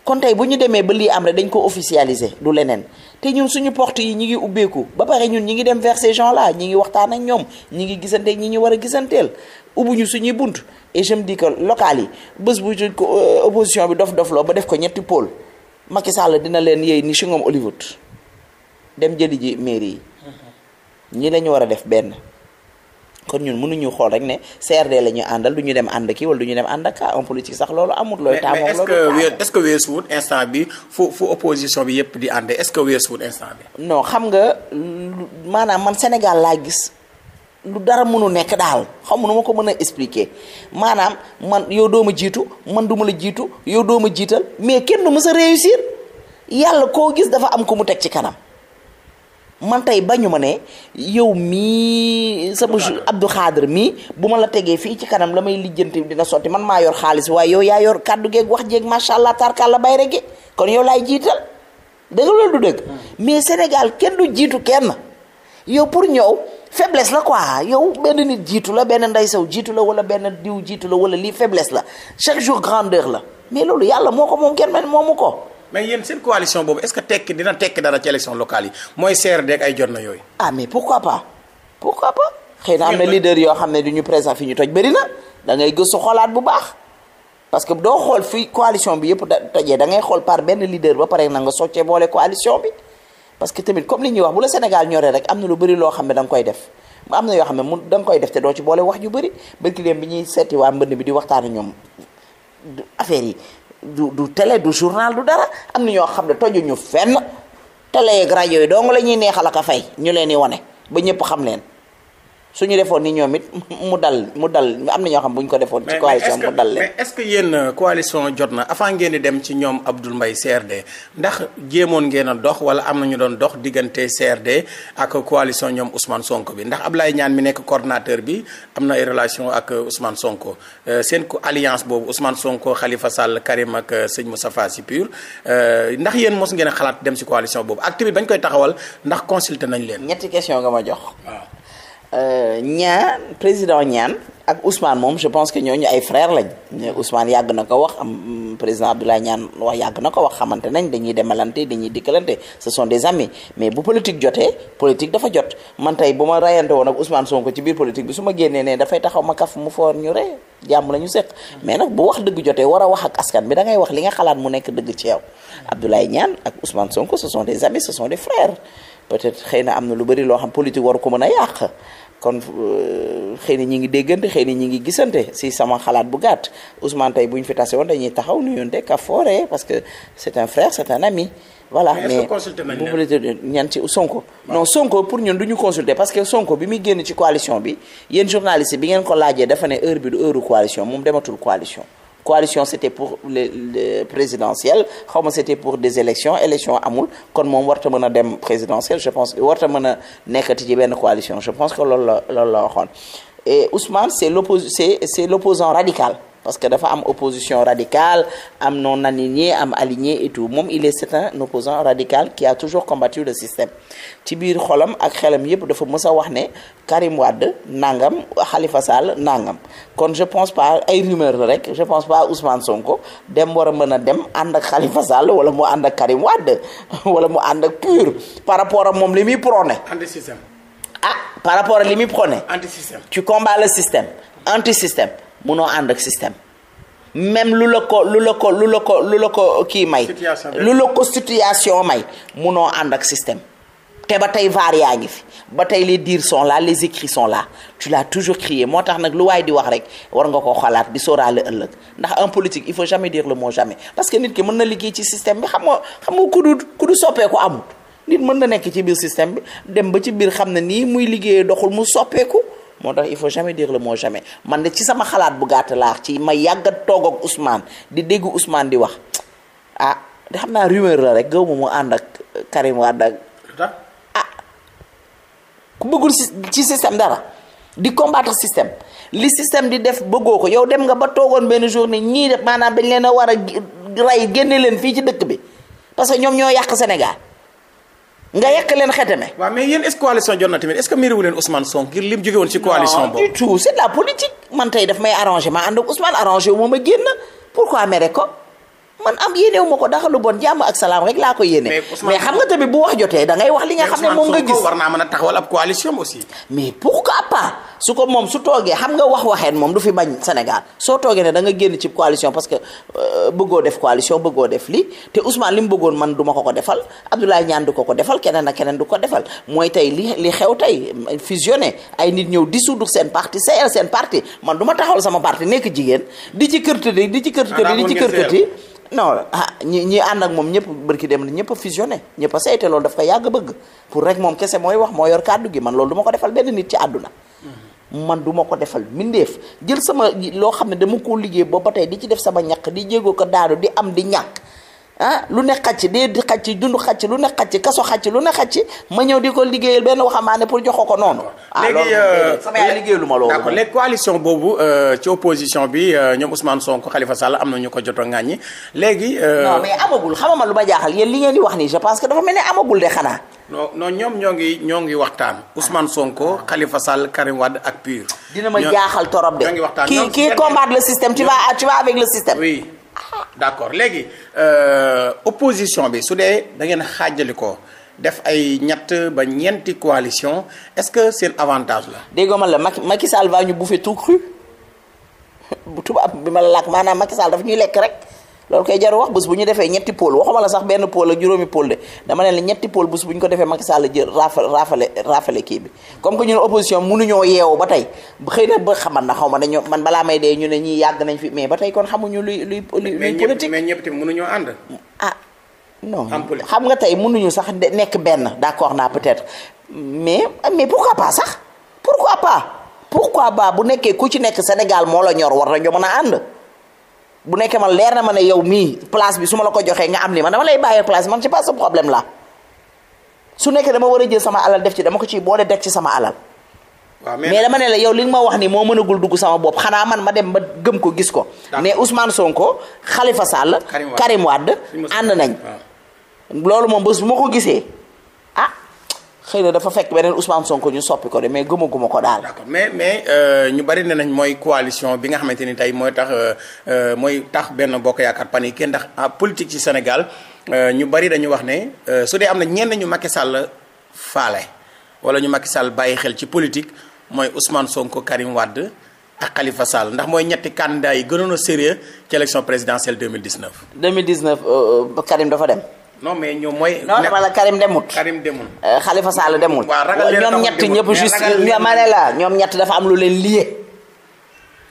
kon tey bu ñu demee ba lii am rek dañ ko officialiser du leneen te ñun suñu porte yi ñu ngi ubbeeku ba pare ñun ñi ngi dem vers ces gens là ñi ngi waxtaan ak ñoom ñi ngi gisante ñi ñu war a gisanteel ubbuñu suñuy bunt et je me dis que yi bés bu ñu ko euh, opposition bi dof dofloo ba def ko ñetti pôle Macky Sall dina leen yey ni Shingoom Hollywood dem jëli ji mairie yi mm-hmm. ñi la war a def benn kon ñun mënuñu xool rek ne CRD la ñu àndal du ñu dem ànd kii wala du ñu dem ànd ak en politique sax loolu amut looy taamoo loolu mais est-ce que weesuwut instant bi fu fu opposition bi yëpp di àndee est-ce que weesuwut instant bi non xam nga maanaam man Sénégal laa gis lu dara mënu nekk daal xam nu ma ko mën a expliquer maanaam man yow dooma jiitu man duma la jiitu yow dooma jiital mais kenn du mës a réussir yàlla koo gis dafa am ko mu teg ci kanam man tey bañu ma ne yow mii sama Abdou Khadre mii bu ma la tegee fii ci kanam la may lijjanti dina sotti man maa yor xaalis waaye yow yaa yor kàddu geeg wax jeeg macha allah tarkal la bay rek kon yow laay jiital dëgg loolu du hmm. Sénégal kenn du jiitu kenn yow pour ñëw faiblesse la quoi yow benn nit jiitu la benn nday saw jiitu la wala benn diw jiitu la wala lii faiblesse la chaque jour grandeur la mais loolu yàlla moo ko moom kenn mel moomu ko. mais yéen seen coalition boobu est-ce que tekki dina tekki dara ci élection locale yi mooy CRD ak ay jot na yooyu. ah mais pourquoi pas pourquoi pas. xëy na am na leader yoo xam ne du ñu présent fi ñu toj bëri na da ngay gëstu xoolaat bu baax. parce que doo xool fii coalition bi yëpp da tojee da ngay xool par benn leader ba pare na nga soccee boole coalition bi. parce que tamit comme li ñuy wax bu la Sénégal ñoree rek am na lu bëri loo xam ne da koy def am na yoo xam ne mu koy def te doo ci boole wax ju bëri bërki leen bi ñuy seeti waa mbënd bi di waxtaan ñoom affaire yi du du télé du journal du dara am na ñoo xam ne tojuñu fenn télé yeeg rajo yi dong la ñuy neexal ak a fay ñu leen di wane ba ñëpp xam leen su ñu defoon ni ñoom it mu dal mu dal am na ñoo xam bu ñu ko defoon. ci coalition mu mais est-ce que yéen euh, coalition jot na avant ngeen di dem ci ñoom Abdoul Mbaye CRD ndax jéemoon ngeen a dox wala am na ñu doon dox diggante CRD ak coalition ñoom Ousmane Sonko bi ndax ab Ablaye ñaan mi nekk coordonnateur bi am na ay relation ak euh, Ousmane Sonko euh, seen ko alliance boobu Ousmane Sonko Khalifa Sall Karim ak sëñ Moustapha si pur ndax yéen mos ngeen a xalaat dem ci coalition boobu ak tamit koy taxawal ndax consulté nañ leen. ñetti question nga ma jox. ñaa euh, président ñaan ak Ousmane moom je pense que ñooñu ay frère lañ Ousmane yàgg na ko wax am mm, président Abdoulaye Niane wax yàgg na ko wax xamante nañ dañuy demalante dañuy dikkalante ce sont des amis mais bu politique jotee politique dafa jot man tey bu ma rayante woon ak Ousmane Sonko ci biir politique bi su ma génnee ne dafay taxaw ma kaf mu jàmm la ñu seq mais nag bu wax dëgg jotee war a wax ak askan bi da ngay wax li nga xalaat mu nekk dëgg ci yow Abdoulaye Niane ak Ousmane Sonko ce sont des amis ce sont des frères peut-être xëy na am na lu bëri loo xam politique waru ko mën a yàq kon euh, xëy na ñi ngi déggante xëy na ñi ngi gisante si sama xalaat bu gàtt Ousmane tey bu ñu fi tase woon dañuy taxaw nuyonte ka foore parce que c'est un frère c'est un ami voilà mais bu pour ñun du ñu consulter parce que Sonko bi muy génn ci coalition bi yéen journaliste bi ngeen ko laajee dafa ne heure bi du heure coalition moom dematul coalition coalition c'était pour le les présidentielles xaw ma c'était pour des élections élection amul kon moom warta mën a dem présidentielle je pense warta mën a nekkati ci benn coalition je pense que loolu la loolu la waxoon et Ousmane c'est l'opposant c'est c'est l'opposant radical parce que dafa am opposition radicale am non aligné am aligné et tout moom il est c'est un opposant radical qui a toujours combattu le système ci biir xolam ak xelam yépp dafa mës a wax ne Karim Wade nangam Khalifa Sall nangam kon je pense pas ay rumeur la rek je pense pas Ousmane Sonko dem war a mën a dem ànd ak Khalifa wala mu ànd ak Karim Wade <laughs> wala mu ànd ak pur par rapport ak moom li muy ah par rapport ak li muy prôné. anti-système. tu combats le système anti-système. munoo ànd ak système même lu la ko lu la ko lu la ko lu la ko kii may lu la ko situation may munoo ànd ak système te ba tey vaar a ngi fi ba tey les diir son là les écrits son là tu l'as toujours crié moo tax nag lu waaye di wax rek war nga koo xalaat di sóoraale ëllëg ndax en politique il faut jamais dire la moo jamais parce que nit ki mën na liggéey ci système bi xam nga xam nga ku du ku du soppeeku amut nit mën na nekk ci biir système bi dem ba ci biir xam ne nii muy liggéeyee doxul mu soppeeku moo tax il faut jamais dire le mot jamais man de ci sama xalaat bu gàtt laax ci ma yàgg a toog ak Ousmane di dégg Ousmane di wax ah da xam naa rumeur la rek gaw mu ànd ak euh, Karim Wade ak ah ku bëggul ci système dara di combattre système li système di def bëggoo ko yow dem nga ba toogoon benn jour ni ñii def maanaam dañ leen a war a rey génne leen fii ci dëkk bi parce que ñoom ñoo yàq senegal nga yekk leen xeteme. waaw mais yéen est-ce que coalition jot na tamit est-ce que miiri wu leen Ousmane ngir lim jóge ci coalition boobu non du tout c'est la politique man tey daf may arrangé ma ànd ak Ousmane arrangé wu ma ma génn pourquoi mere ko. man am yéenewu ko daxalu lu bon jàmm ak salaam rek laa ko yéene. mais xam nga tamit bu wax jotee da ngay wax li nga xam ne moom nga gis war naa mën a taxawal ab coalition aussi. mais pourquoi pas su ko moom su toogee xam nga wax waxeen moom du fi bañ Sénégal soo toogee ne da nga génn ci coalition parce que euh, bëggoo def coalition bëggoo def li te Ousmane li mu bëggoon man du ma ko ko defal Abdoulaye Niane du ko ko defal keneen ak keneen du ko defal mooy tey li li xew tey fusionné ay nit ñëw dissoudre seen parti seeyal seen parti man du ma taxawal sama parti nekk jigéen di ci kërtëti di ci kërtëti di ci kërtëti non ah ñi ñi ànd ak moom ñëpp bërki dem na ñëpp a fusionné ñëpp a sayte loolu daf ko yàgg bëgg pour rek moom kese mooy wax moo yor kàddu gi man loolu du ma ko defal benn nit ci àdduna mm-hmm. man du ma ko defal mindeef jël sama loo xam ne dama koo liggéey booba tey di ci def sama ñaq di jéego ko daanu di am di ñàkk ah lu ne xacc dee di xacc dund xacc lu ne xacc kaso xacc lu ne xacc ma ñëw di ko liggéeyal benn waxamaane pour joxo ko noonu. ah loolu euh, sama yaay liggéeyalu ma loolu. d'accord léegi coalition boobu euh, ci opposition bi euh, ñoom Ousmane Sonko xalifa Sall am na ko jot a léegi. non mais amagul xamama ma lu ma jaaxal yéen li ngeen di wax nii je pense que dafa mel ne amagul de xanaa. non ñoom ñoo ngi ñoo ngi waxtaan Ousmane Sonko Khalifa Sall Karim Wade ak PUR. dina ma jaaxal torop de. ñoo ngi waxtaan ñoom qui combat le système tu vas tu vas avec le système. d'accord léegi euh, opposition bi su dee da ngeen xaajali ko def ay ñett ba ñeenti coalition est-ce que seen avantage la. déggoo man la Macky Macky Sall va ñu bouffer tout cru <laughs> bu tubaab bi ma la laak maanaam Macky Sall ñuy lekk rek. loolu koy jaru wax bés bu ñu defee ñetti pôle waxuma la sax benn pôle ak juróomi pôle de dama ne la ñetti pôle bés bu ñu ko defee Macky Sall jël raafale raafale raafale kii bi comme que ñun opposition mënuñoo yeewu ba tey xëy na ba xaman na xaw ma dañoo man balaa may dee ñu ne ñii yàgg nañ fi mais ba tey kon xamuñu luy luy luy politique mais ñëpp tamit mënuñoo ànd ah non xam nga tey mënuñu sax nekk benn d'accord naa peut-être mais mais pourquoi pas sax pourquoi pas bu nekkee ku ci nekk Sénégal moo la ñor war nañoo mën a ànd bu nekkee man leer na ma ne yow mii place bi su ma la ko joxee nga am li man dama lay bàyyee place man c'est pas ce problème là su nekkee dama war a jël sama alal def ci dama ko ciy boole teg ci sama alal. waaw mais dama ne la yow li nga ma wax ni moo mënagul dugg sama bopp xanaa man ma dem ba gëm ko gis ko. ne Ousmane Sonko Khalifa Sall. Karim Wade Karim Wade ànd nañ. loolu moom bés su ma ko gisee ah xëy na dafa fekk beneen Ousmane Sonko ñu soppi ko de mais gëmaguma ko daal. mais mais euh, ñu bari ne nañ mooy coalition bi nga xamante ni tey mooy tax euh, euh, mooy tax benn bokk yaakaar panique ndax en ah, politique ci Sénégal ñu bari dañu wax ne su dee am na ñenn ñu Macky Sall faale wala ñu Macky Sall bàyyi xel ci politique mooy Ousmane Sonko Karim wàdd ak Khalifa Sall ndax mooy ñetti candidats yi gënoon a sérieux ci élection présidentielle 2019. 2019 Karim dafa dem. non mais ñoom mooy. non dama la Karim demut. Karim demul. Euh, Khalifa Sall demul. waaw ragal ñoom ñett ñëpp juste ma ne la ñoom ñett dafa am lu leen lié.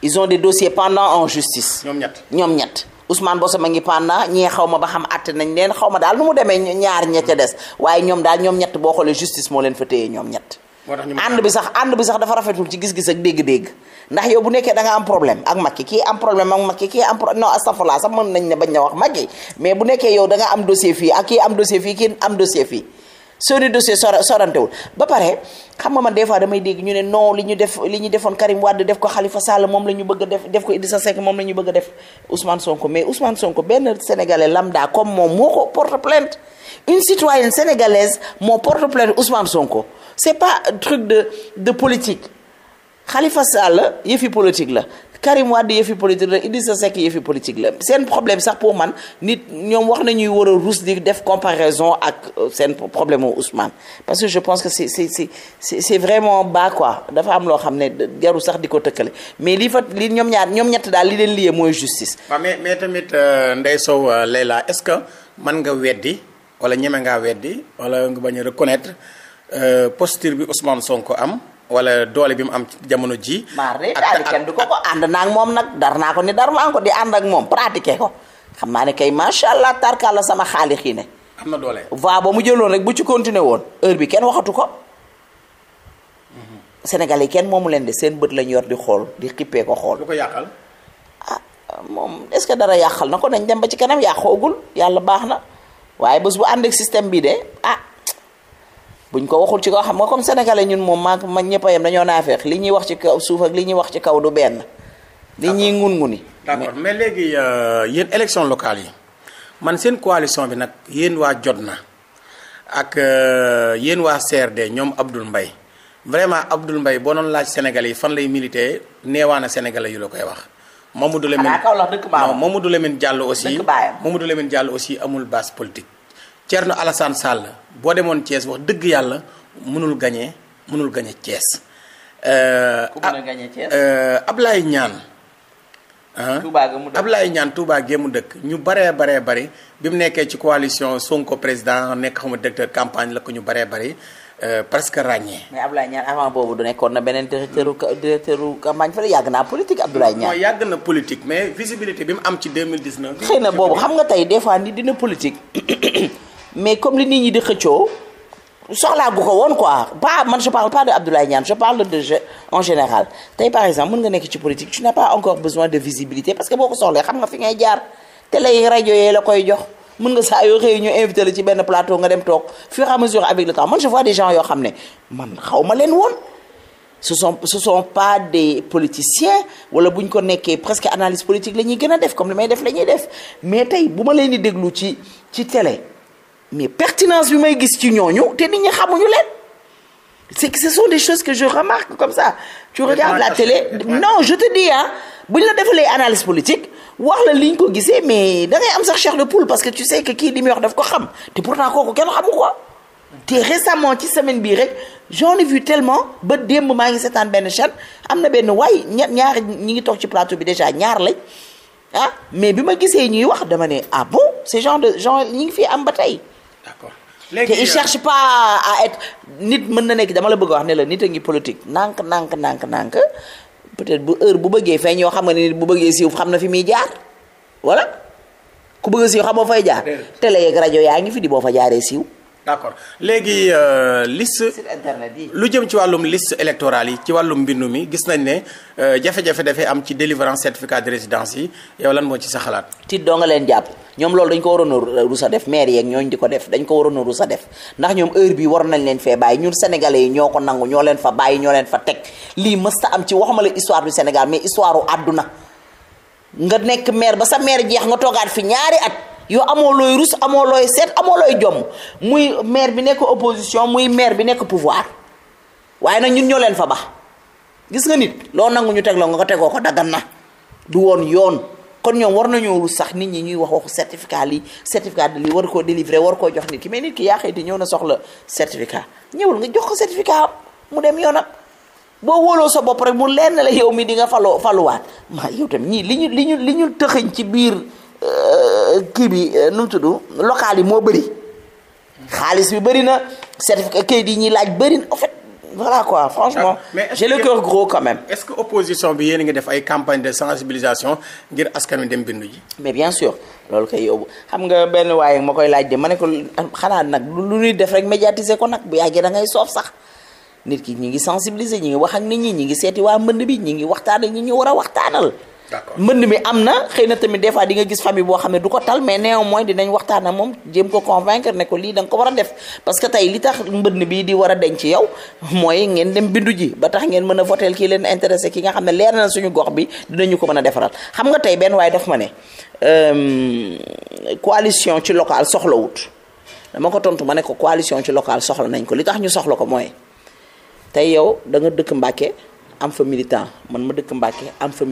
ils ont des dossiers pendant en justice. ñoom ñett ñoom ñett. Ousmane Bosom a ngi pendant ñee xaw ma ba xam àtte nañ leen xaw ma daal nu mu demee ñaar ña ca des waaye ñoom daal ñoom ñett boo xoolee justice moo leen fa téye ñoom ñett. ànd bi sax ànd bi sax dafa rafetul ci gis-gis ak dégg-dégg ndax yow bu nekkee da nga am problème ak Macky kii am problème ak Macky kii am non astafurlah sax mën nañ ne bañ na wax Macky mais bu nekkee yow da nga am dossier fii ak kii am dossier fii kii am dossier fii seeni dossier sor sorantewul ba pare xam nga man des fois damay dégg ñu ne non li ñu li ñu defoon Karim Wade def ko Khalifa Sall moom la ñu bëgg a def ko Idrissa Seck moom la ñu bëgg a def Ousmane Sonko mais Ousmane Sonko benn sénégalais lambda comme moom moo ko porte plainte une citoyenne sénégalaise moo porte plainte Ousmane Sonko c'est pas un truc de de politique Khalifa Sall yëfi politique la Karim Wade yëfi politique la Idrissa Seck yëfi politique la seen problème sax pour man nit ñoom wax nañuy war a ruus di def comparaison ak euh, seen problème wu Ousmane parce que je pense que c'est c'est c'est c'est vraiment bas quoi dafa am loo xam ne jarul sax di ko tëkkale mais li fa li ñoom ñaar ñoom ñett daal li leen liyee mooy justice. waaw mais mais tamit euh, Ndeye Sow euh, Leila est-ce que man nga weddi wala ñeme ngaa weddi wala nga bañ a Euh, posture bi Ousmane Sonko am wala doole bi mu am jamono ji maar de daal di du ko ko ànd naa moom nag dar naa ko ni dar maa di ànd moom pratiquer ko xam naa ne kay macha allah tarkaal la sama xaalis yi ne. am ba mu jëloon rek bu ci continuer woon heure bi kenn waxatu ko. Mhm. Sénégal yi kenn moomu leen de seen bët lañ yor di xool di xippee ko xool. lu ko yàqal. ah moom est-ce que dara yàqal na ko dañ dem ba ci kanam yàqoogul yàlla baax na waaye bés bu ànd ak système bi de ah. bu buñ ko waxul ci ko xam nga comme sénégalais ñun moom maag man ñëpp a yem dañoo naafeex li ñuy wax ci kaw suuf ak li ñuy wax ci kaw du benn. li ñuy ngun nguni. d'accord mais léegi euh, yéen élection locale yi man seen coalition bi nag yéen waa jot na ak euh, yéen waa CRD ñoom Abdoul Mbaye vraiment Abdoul mbay boo doon laaj sénégalais yi fan lay milité neewaana sénégalais yu la koy wax. Mamadou Lemine xanaa Kaolack dëkk Baam Mamadou Lemine Diallo aussi Mamadou Lemine Diallo aussi amul base politique. Thierno Alassane Sall boo demoon Thiès wax dëgg yàlla mënul gañe mënul gañe Thiès. Euh, ku mën a gañe Thiès euh, Ablaye Niane. Touba mu dëkk Ablaye Niane Touba gee mu dëkk ñu baree baree bari bi mu nekkee ci coalition Sonko président nekk xam nga directeur campagne la ko ñu baree bari euh, que ràññee. mais Ablaye Niane avant boobu du nekkoon na beneen directeur directeur campagne fa la yàgg naa politique Ablaye Niane. mooy yàgg na politique mais visibilité bi mu am ci 2019. xëy na boobu xam nga tey des fois dina politique. mais comme li nit ñi di xëccoo soxlaa gu ko woon quoi pas man je parle pas de Abdoulaye Niane je parle de je en général tey par exemple mën nga nekk ci politique tu n'as pas encore besoin de visibilité parce que boo ko soxlee xam nga fi ngay jaar télé yi yee la koy jox mën nga saa yoo xëy ñu invité la ci benn plateau nga dem toog fur et à mesure avec le temps man je vois des gens yoo xam ne man xaw ma leen woon ce son ce sont pas des politiciens wala bu ñu ko nekkee presque analyse politique la ñuy gën a def comme li may def la ñuy mais tey bu ma leen di déglu ci ci télé mais pertinence bi may gis ci ñooñu te nit ñi xamuñu leen c'est que ce sont des choses que je remarque comme ça tu regardes la télé non je te dis ah bu ñu la defalee analyse politique wax la li ñu ko gisee mais da am sax chair de poule parce que tu sais que kii li muy wax daf ko xam te pourtant kooku kenn xamu ko te récemment ci semaine bii rek j'en ai vu tellement ba démb maa ngi seetaan benn chaîne am na benn waay ñett ñaar ñi ngi toog ci plateau bi déjà ñaar lañ ah mais bi ma gisee ñuy wax dama ne ah bon ce de genre ñi ngi fi am ba tey d'accord léegi te il euh, cherche pas à être nit mën na nekk dama la bëgg a wax ne la nit a ngi politique nànk nànk nànk nànk peut-être bu heure bu bëggee feeñ yoo xam ne nit bu bëggee siiw xam na fi muy jaar voilà ku bëgg siiw xam boo fay jaar te yeeg rajo yaa ngi fi di boo fa jaaree siiw d' accord léegi euh, liste. internet yi lu jëm ci wàllum liste électorale yi ci wàllum mbindu mi gis nañ ne euh, jafe-jafe dafay am ci délivrance certificat de résidence yi yow lan moo ci sa xalaat. tiit doo nga leen jàpp ñoom loolu dañ ko waroon a euh, rusa def maire yeeg ñooñu di ko def dañ ko waroon a rusa def ndax ñoom heure bi waroon nañ leen fee bàyyi ñun sénégalais yi ñoo ko nangu ñoo leen fa bàyyi ñoo leen fa teg lii mësta am ci waxuma la histoire du Sénégal mais histoire u àdduna nga nekk maire ba sa maire jeex nga toogaat fi ñaari at. yow amoo looy rus amoo looy seet amoo looy jomm muy maire bi nekk opposition muy maire bi nekk pouvoir waaye nag ñun ñoo leen fa ba gis nga nit loo nangu ñu teg la nga ko tegoo ko daggan na du woon yoon kon ñoom war nañoo rus sax nit ñi ñuy wax waxu certificat lii certificat de lii war koo délivrer war koo jox nit ki mais nit ki yaa xëyti ñëw na soxla certificat ñëwul nga jox ko certificat mu dem yoonam boo wóoloo sa bopp rek mu lenn la yow mi di faloo faluwaat maa li li li ñu tëxëñ ci biir kii bi nu mu tudd local yi moo bëri xaalis bi bëri na certificat kayit yi ñi laaj bëri na en fait franchement. Ah, mais j'ai le cœur gros quand même. que opposition bi yéen ngi def ay campagne de sensibilisation ngir askan wi dem bindu ji. mais bien sûr loolu koy yóbbu xam nga benn waaye ma koy laaj de ma ne ko xanaa nag lu ñuy def rek médiatiser ko nag bu yàggee da ngay soof sax nit ki ñi ngi sensibiliser ñi ngi wax ak ni ñi ñi ngi seeti waa mbënd bi ñi ngi waxtaan ñi ñu war a waxtaanal. d'accord mbënd mi am na xëy na tamit des fois di gis famille boo xam ne du ko tal mais mooy dinañ waxtaan ak moom jéem ko convaincre ne ko li da ko war a def parce que tey li tax mbënd bi di war a denc yow mooy ngeen dem bindu ji ba tax ngeen mën a votel kii leen intéressé ki nga xam ne leer na suñu gox bi dinañu ko mën a defaral xam nga tey benn waaye daf ma ne euh, coalition ci local soxla wut dama ko tontu ma ne ko coalition ci local soxla nañ ko li tax ñu soxla ko mooy tey yow da nga dëkk Mbàkke am fa militant ma dëkk Mbàkke am fa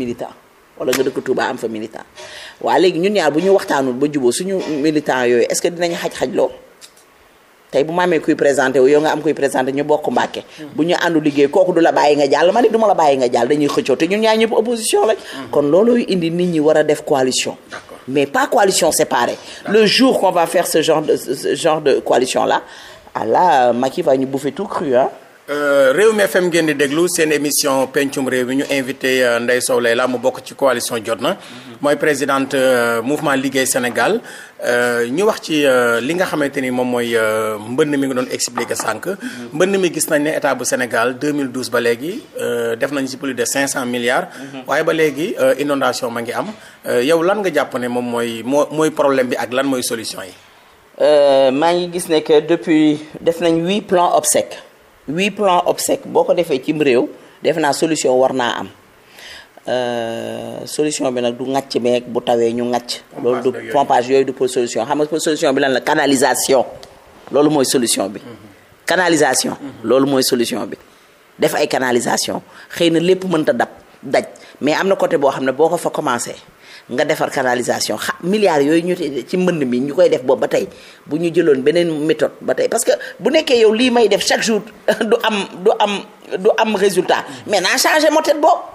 wala nga dëkk Touba am fa militant waa léegi ñun ñaar bu ñu waxtaanul ba juboo suñu militant yooyu est-ce que dinañ xaj-xaj loo tey bu ma amee kuy présenté wu yow nga am kuy présenté ñu bokk Mbàkke hmm. bu ñu àndu liggéey kooku du la bàyyi nga jàll ma ni du la bàyyi nga jàll dañuy xëccoo te ñun ñaar ñëpp opposition lañ hmm. kon loolooyu indi nit ñi war a def coalition mais pas coalition séparée le jour qu'on va faire ce genre de ce genre de coalition là ah là Macky va ñu bouffer tout cru réew euh, Rewmi FM ngeen di déglu seen émission pencum réew mi ñu invité euh, Ndeye Sow la mu bokk ci coalition na mm-hmm. mooy présidente euh, mouvement liggéey Sénégal ñu wax ci li nga xamante ni moom mooy mbënn mi nga doon expliqué sànq. Mm-hmm. mbënn mi gis nañ ne état bu Sénégal 2012 ba léegi def nañ si plus de 500 milliards. Mm-hmm. waaye ba léegi inondation ma ngi am yow lan nga jàpp ne moom mooy moo mooy problème bi ak lan mooy solution yi. maa ngi gis ne que depuis def nañ huit plans OPSEC. huit plan obsèque boo ko defee cim réew def naa solution war naa am euh, solution bi nag du ŋàcc meeg bu tawee ñu ŋàcc. loolu du pompage yooyu du pour solution xam nga pour solution bi lan la canalisation loolu mooy solution bi. Mhm. canalisation. Mhm. loolu mooy solution bi def ay canalisation xëy na lépp mënta dab daj mais am na côté boo xam ne boo ko fa commencé. nga defar canalisation xa milliards yooyu ñu ci mbënd mi ñu koy def boobu ba tey bu ñu jëloon beneen méthode ba tey parce que bu nekkee yow lii may def chaque jour <laughs> du am du am du am résultat mais naa changé méthode boobu.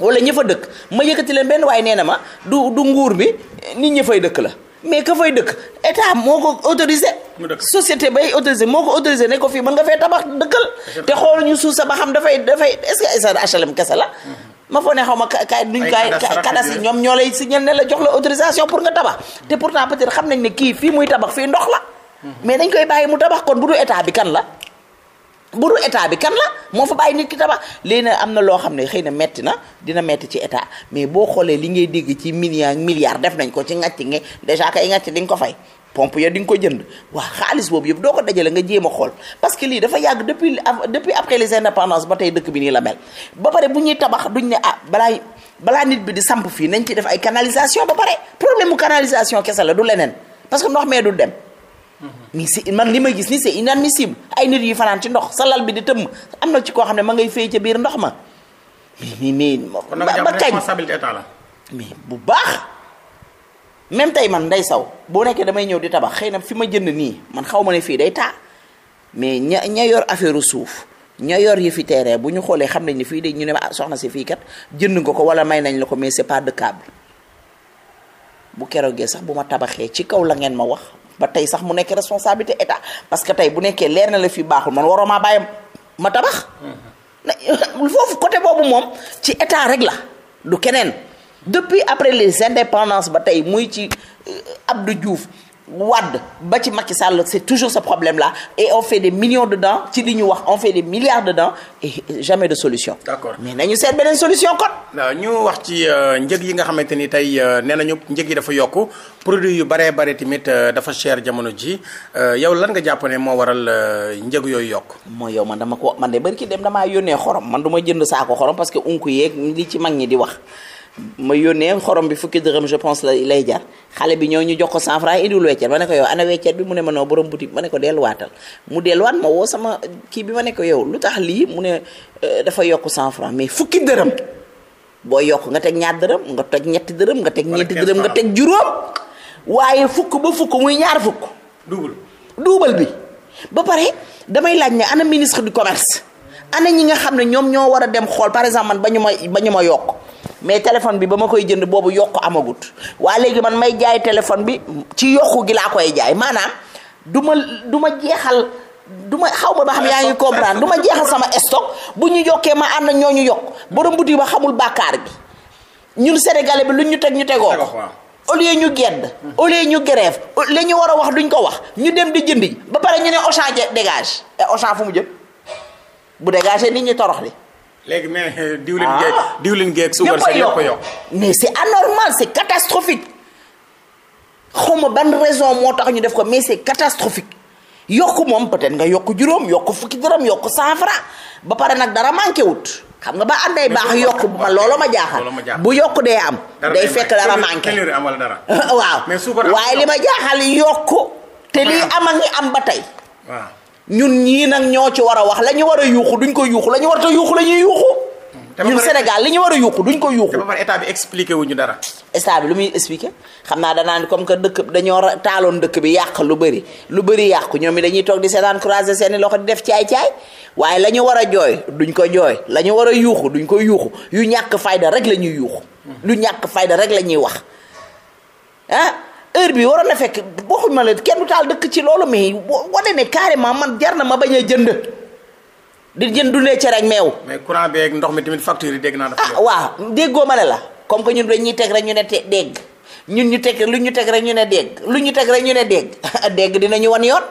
wala ña fa dëkk ma yëkkati leen benn waaye nee na ma du du nguur bi nit ñi fay dëkk la mais ka fay dëkk état moo ko autorisé. société bay autorisé moo ko autorisé ne ko fii man nga fee tabax dëkkal. te ñu suuf sa ba xam dafay dafay est-ce que SRA kese la. Mm-hmm. ma foo ne xaw ma kay duñ ñoom ñoo lay signal ne la jox la autorisation pour nga tabax te pourtant peut-être xam nañ ne kii fii muy tabax fii ndox la mhm. mais dañ koy bàyyi mu tabax kon bu du état bi kan la bu du état bi kan la moo fa bàyyi nit ki tabax léegi nag am na loo xam ne xëy na metti na dina metti ci état mais boo xoolee li ngay dégg ci milliards milliards def nañ ko ci ngàcc nge déjà kay ngàcc di nga ko fay pompe ya di nga ko jënd waa xaalis boobu yëpp doo ko dajale nga jéem xool parce que lii dafa yàgg depuis depuis après les indépendances ba tey dëkk bi nii la mel ba pare bu ñuy tabax duñ ne ah balaa balaa nit bi di samp fii nañ ci def ay canalisation ba pare problème mu canalisation kese la du leneen parce que ndox mee du dem mais si man li ma gis ni c'est inadmissible ay nit yi fanaan ci ndox sa lal bi di tëmm am na ci koo xam ne ma ngay fay ca biir ndox ma mais mais mais ba kañ responsabilité état la mais bu baax même tey man nday saw boo nekkee damay ñëw di tabax xëy na fi ma jënd nii man xaw ma ne fii day taa mais ña ña yor affaire suuf ña yor yëfi terrain bu ñu xoolee xam nañ ne fii de ñu ne ah soxna si fii kat jënd nga ko wala may nañ la ko mais c'est pas de câble bu keroogee sax bu ma tabaxee ci kaw la ngeen ma wax ba tey sax mu nekk responsabilité état parce que tey bu nekkee leer na la fii baaxul man waroo maa bàyyi ma tabax. Mhm. <laughs> foofu côté boobu moom ci état rek la du keneen. depuis après les indépendances ba tey muy ci euh, Abdou Diouf Wade ba ci Macky sàll c'est toujours sa problème là et on fait des millions dedans ci li ñu wax on fait des milliards dedans et jamais de solution. d'accord mais nañu seet beneen solution kon. ñu wax ci euh, njëg yi nga xamante ni tey euh, nee nañu njëg yi dafa yokk produit yu baree bare tamit dafa cher jamono ji yow lan nga jàpp ne moo waral njëg yooyu yokk. mooy yow man dama ko man de bari ki dem damaa yónnee xorom man du ma jënd saako xorom parce que unku yeeg li ci mag ñi di wax. ma yónnee xorom bi fukki dërëm je pense la lay jar xale bi ñëw ñu jox ko 100 francs indiwul weccet ma ne ko yow ana weccet bi mu ne ma noo borom boutique ma ne ko delluwaatal mu delluwaat ma woo sama kii bi ma ne yow lu tax lii mu ne euh, dafa yokk 100 francs mais fukki dërëm boo yokk nga teg ñaar dërëm nga toj ñetti dërëm nga teg ñeenti dërëm nga teg juróom waaye fukk ba fukk muy ñaar fukk duubal duubal bi ba pare damay laaj ne ana ministre du commerce ana ñi nga xam ne ñoom ñoo war a dem xool par exemple man ba ñu ma ba ma yokk mais téléphone bi ba ma koy jënd boobu yokk amagut waa léegi man may jaay téléphone bi ci yokku gi laa koy jaay maanaam du ma du ma jeexal du ma xaw ma ba xam yaa ngi comprendre du ma jeexal sama stock bu ñu yokkee ma ànd ñoo ñu yokk borom boutique ba xamul bàkkaar bi ñun sénégalais bi lu ñu teg ñu tegoo au lieu ñu gedd au lieu ñu grève li ñu war a wax duñ ko wax ñu dem di jëndi ba pare ñu ne dégage et Auchan fu mu jëm bu dégagé nit ñi torox li léegi mais diwlin geeg ah. diwlin geeg suukar sa yëpp a yokk mais c'est anormal c'est catastrophique xawma ban raison moo tax ñu def ko mais c'est catastrophique yokk moom peut-être nga yokk juróom yokk fukki dërëm yokk cent franc ba pare nag dara manqué wut xam nga ba ànday baax yokk bu ma loolu ma jaaxal bu yokk dee am day fekk dara manqué <laughs> waaw waaye li ma jaaxal yokk te lii <laughs> am ak ñi am ba tey ñun ñii nag ñoo ci war a wax la ñu war a yuuxu duñ ko yuuxu la ñu war ta yuuxu la ñuy yuuxu. ñun Sénégal li ñu war a yuuxu duñ ko yuuxu. dafa état bi expliqué wuñu dara. état lu muy expliqué xam naa danaan comme que dëkk dañoo taaloon dëkk bi yàq lu bëri lu bëri yàqu ñoom it dañuy toog di seetaan croiser seeni loxo di def caay-caay waaye la war a jooy duñ ko jooy la war a yuuxu duñ ko yuuxu yu ñàkk fayda rek la ñuy yuuxu. lu ñàkk fayda rek la ñuy wax ah heure bi waroon na fekk waxuñ ma la kenn du taal dëkk ci loolu mais wane ne carrément man jar na ma bañ a jënd di jënd dundee cere ak meew. mais courant bi ndox mi tamit facture dégg naa dafa. ah waaw déggoo la comme que ñun dañuy teg rek ñu ne te dégg ñun ñu teg lu ñu teg rek ñu ne dégg lu ñu teg rek ñu ne dégg <laughs> dégg dinañu wan yoon.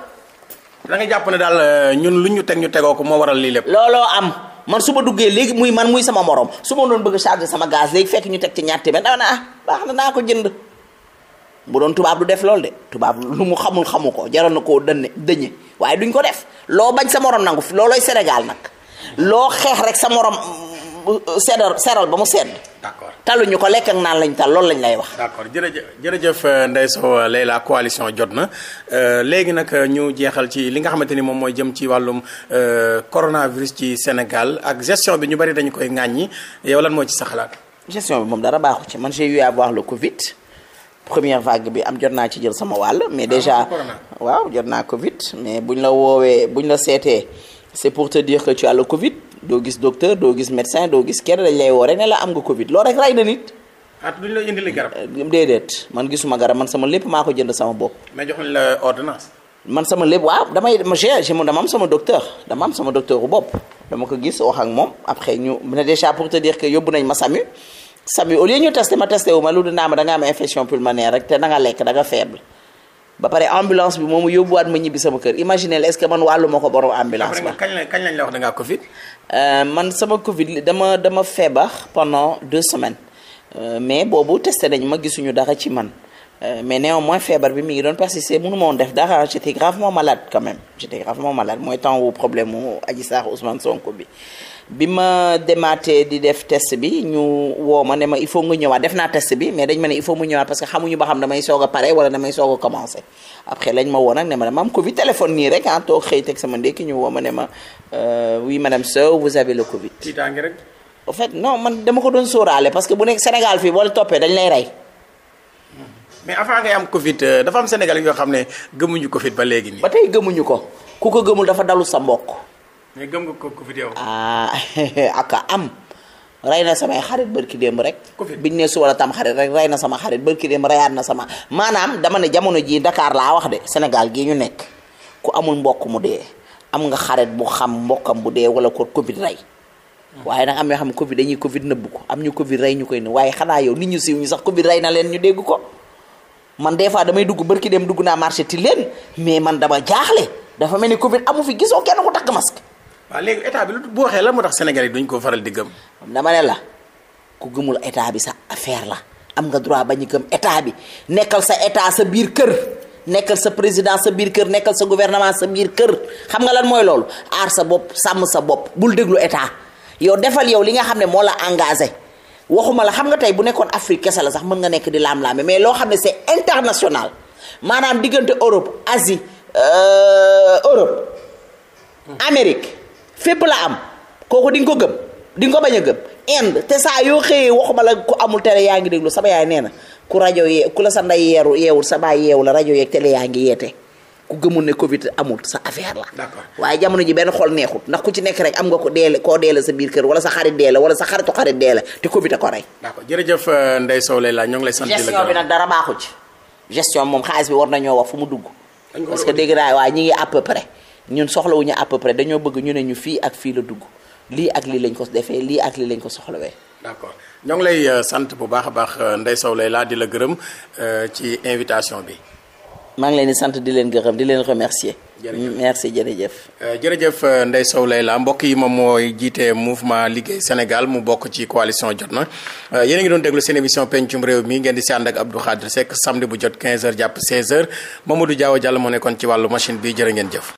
da nga jàpp ne daal euh, ñun lu ñu teg ñu tegoo ko moo waral lii lépp. looloo am. man su ma duggee léegi muy man muy sama morom su ma doon bëgg charger sama gaz léegi fekk ñu teg ci ñaar téeméer dama ne ah baax na naa ko jënd bu doon tubaab du def loolu de tubaab lu mu xamul xamu ko jaroon na koo dënne dëñe waaye duñ ko def loo bañ sa morom nangu loolooy Sénégal nag loo xeex rek sa morom euh, seddal seral ba mu sedd. d'accord ñu ko lekk ak naan lañ tal loolu lañu lay wax. d'accord jërëjëf jërëjëf euh, Ndeye Sow euh, Leila coalition jot na léegi nag ñu jeexal ci li nga xamante ni moom mooy jëm ci wàllum coronavirus ci Sénégal ak gestion bi ñu bari dañu koy ŋàññi yow lan moo ci sa xalaat. gestion bi moom dara baaxu ci man j'ai eu à voir le première vague bi am jot naa ci jël sama wàll mais ah, déjà waaw jot naa Covid mais buñ la woowee buñ la seetee c'est pour te dire que tu as le Covid doo gis docteur doo gis médecin doo gis kenn dañ lay woo rek ne la am nga Covid loolu rek rey na nit. ah duñ la indil garab. Euh, déedéet man gisuma garab man sama lépp maa ko jënd sama bopp. mais jox la ordonnance. man sama lépp waaw damay j'ai mon dama am sama docteur dama am sama docteur bu bopp dama ko gis wax ak moom après ñu ne déjà pour te dire que yóbbu nañ ma SAMU sab yi ñu testé ma ma lu du naa ma da nga am infection pulmonaire rek te da nga lekk da nga faible ma ñibbi sama kër imaginez est-ce que man wàllu ko borom ambulance ba kañ kañ lañ la wax da ngaa covid euh, man sama covid dama dama feebar pendant deux semaines euh, mais boobu testé nañ ma gisuñu dara ci man euh, mais néanmoins feebar bi mu ngi doon persister mënu ma woon def daa j'étais gravement malade quand même j'étais gravement malade mooy temps wu problème mu Adji Sarr Ousmane Sonko bi bi ma demaatee di def test bi ñu woo ma ne ma il faut nga ñëwaat def naa test bi mais dañ ma ne il faut mu ñëwaat parce que xamuñu ba xam damay soog a pare wala damay soog a commencé après lañ ma woo nag ne ma dama am Covid téléphone nii rek ah toog xëy teg sama ndékki ñu woo ma ne ma euh, oui madame Sow vous avez le Covid. tiitaange rek. en fait non man dama ko doon sóoraale parce que bu nekk Sénégal fii boo toppee dañ lay rey. mais avant ngay am Covid euh, dafa am Sénégal yoo xam ne gëmuñu Covid ba léegi nii. ba tey gëmuñu ko ku ko gëmul dafa dalu sa mbokk. mais gëm ko ku fi teew. aka am. rey na samay xarit bërki démb rek biñ ne su wala tam xarit rek rey na sama xarit bërki démb reyaat na sama maanaam dama ne jamono jii Dakar laa wax de Sénégal gii ñu nekk ku amul mbokk mu dee am nga xarit bu xam mbokkam bu dee wala ko Covid rey waaye nag am yoo xam ne Covid dañuy Covid nëbb ko am ñu Covid rey ñu koy ne waaye xanaa yow nit ñu siiw ñu sax Covid rey na leen ñu dégg ko man des fois damay dugg bërki démb dugg naa marché ti leen mais man dama jaaxle dafa mel ni Covid amu fi gisoo kenn ku takk masque waaw léegi état bi lu bu waxee lan moo tax Sénégal yi duñ ko faral di gëm. dama ne la ku gëmul état bi sa affaire la am nga droit ba a gëm état bi nekkal sa état sa biir kër nekkal sa président sa biir kër nekkal sa gouvernement sa biir kër xam nga lan mooy loolu aar sa bopp sàmm sa bopp bul déglu état yow defal yow li nga xam ne moo la engagé. waxuma la xam nga tey bu nekkoon Afrique kese la sax mën nga nekk di laam-laame mais loo xam ne c'est international maanaam diggante Europe Asie euh, Europe Amérique fépp la am kooku di nga ko gëm di ko bañ a gëm inde te saa yoo xëyee waxuma la ku amul télé yaa ngi déglu sama yaay nee na ku rajo yee ku la sa nday yeeru yeewul sa baay yeewu la rajo yeeg télé yaa ngi yeete ku gëmul ne Covid amul sa affaire la. d'accord waaye jamono ji benn xol neexut ndax ku ci nekk rek am nga ko deele koo deele sa biir kër wala sa xarit deele wala sa xaritu xarit deele te Covid a ko rey. d'accord jërëjëf euh, Ndeye Sow Leila ñu ngi lay sant la gestion dara baaxu ci gestion moom xaalis bi war nañoo wax fu mu dugg. parce que dégg naa waaye ñi ngi à ñun soxlawuñu à peu dañoo bëgg ñu ne ñu fii ak fii la dugg lii ak lii lañ ko defee lii ak lii lañ ko soxlawee. d'accord ñoo ngi lay euh, sant bu baax a baax euh, Ndeye Sow Leila di la gërëm euh, ci invitation bi. maa ngi leen di sant di leen gërëm di leen remercier. jërëjëf merci jërëjëf. jërëjëf Ndeye Sow Leila mbokk yi moom mooy jiite mouvement liggéey Sénégal mu bokk ci coalition jot na a ngi doon déglu seen émission pencum réew mi ngeen di si ànd ak Abdou Khadre Seck samedi bu jot 15h jàpp 16h Mamadou Diaw Diallo moo ci wàllu machine bi jërë ngeen jëf.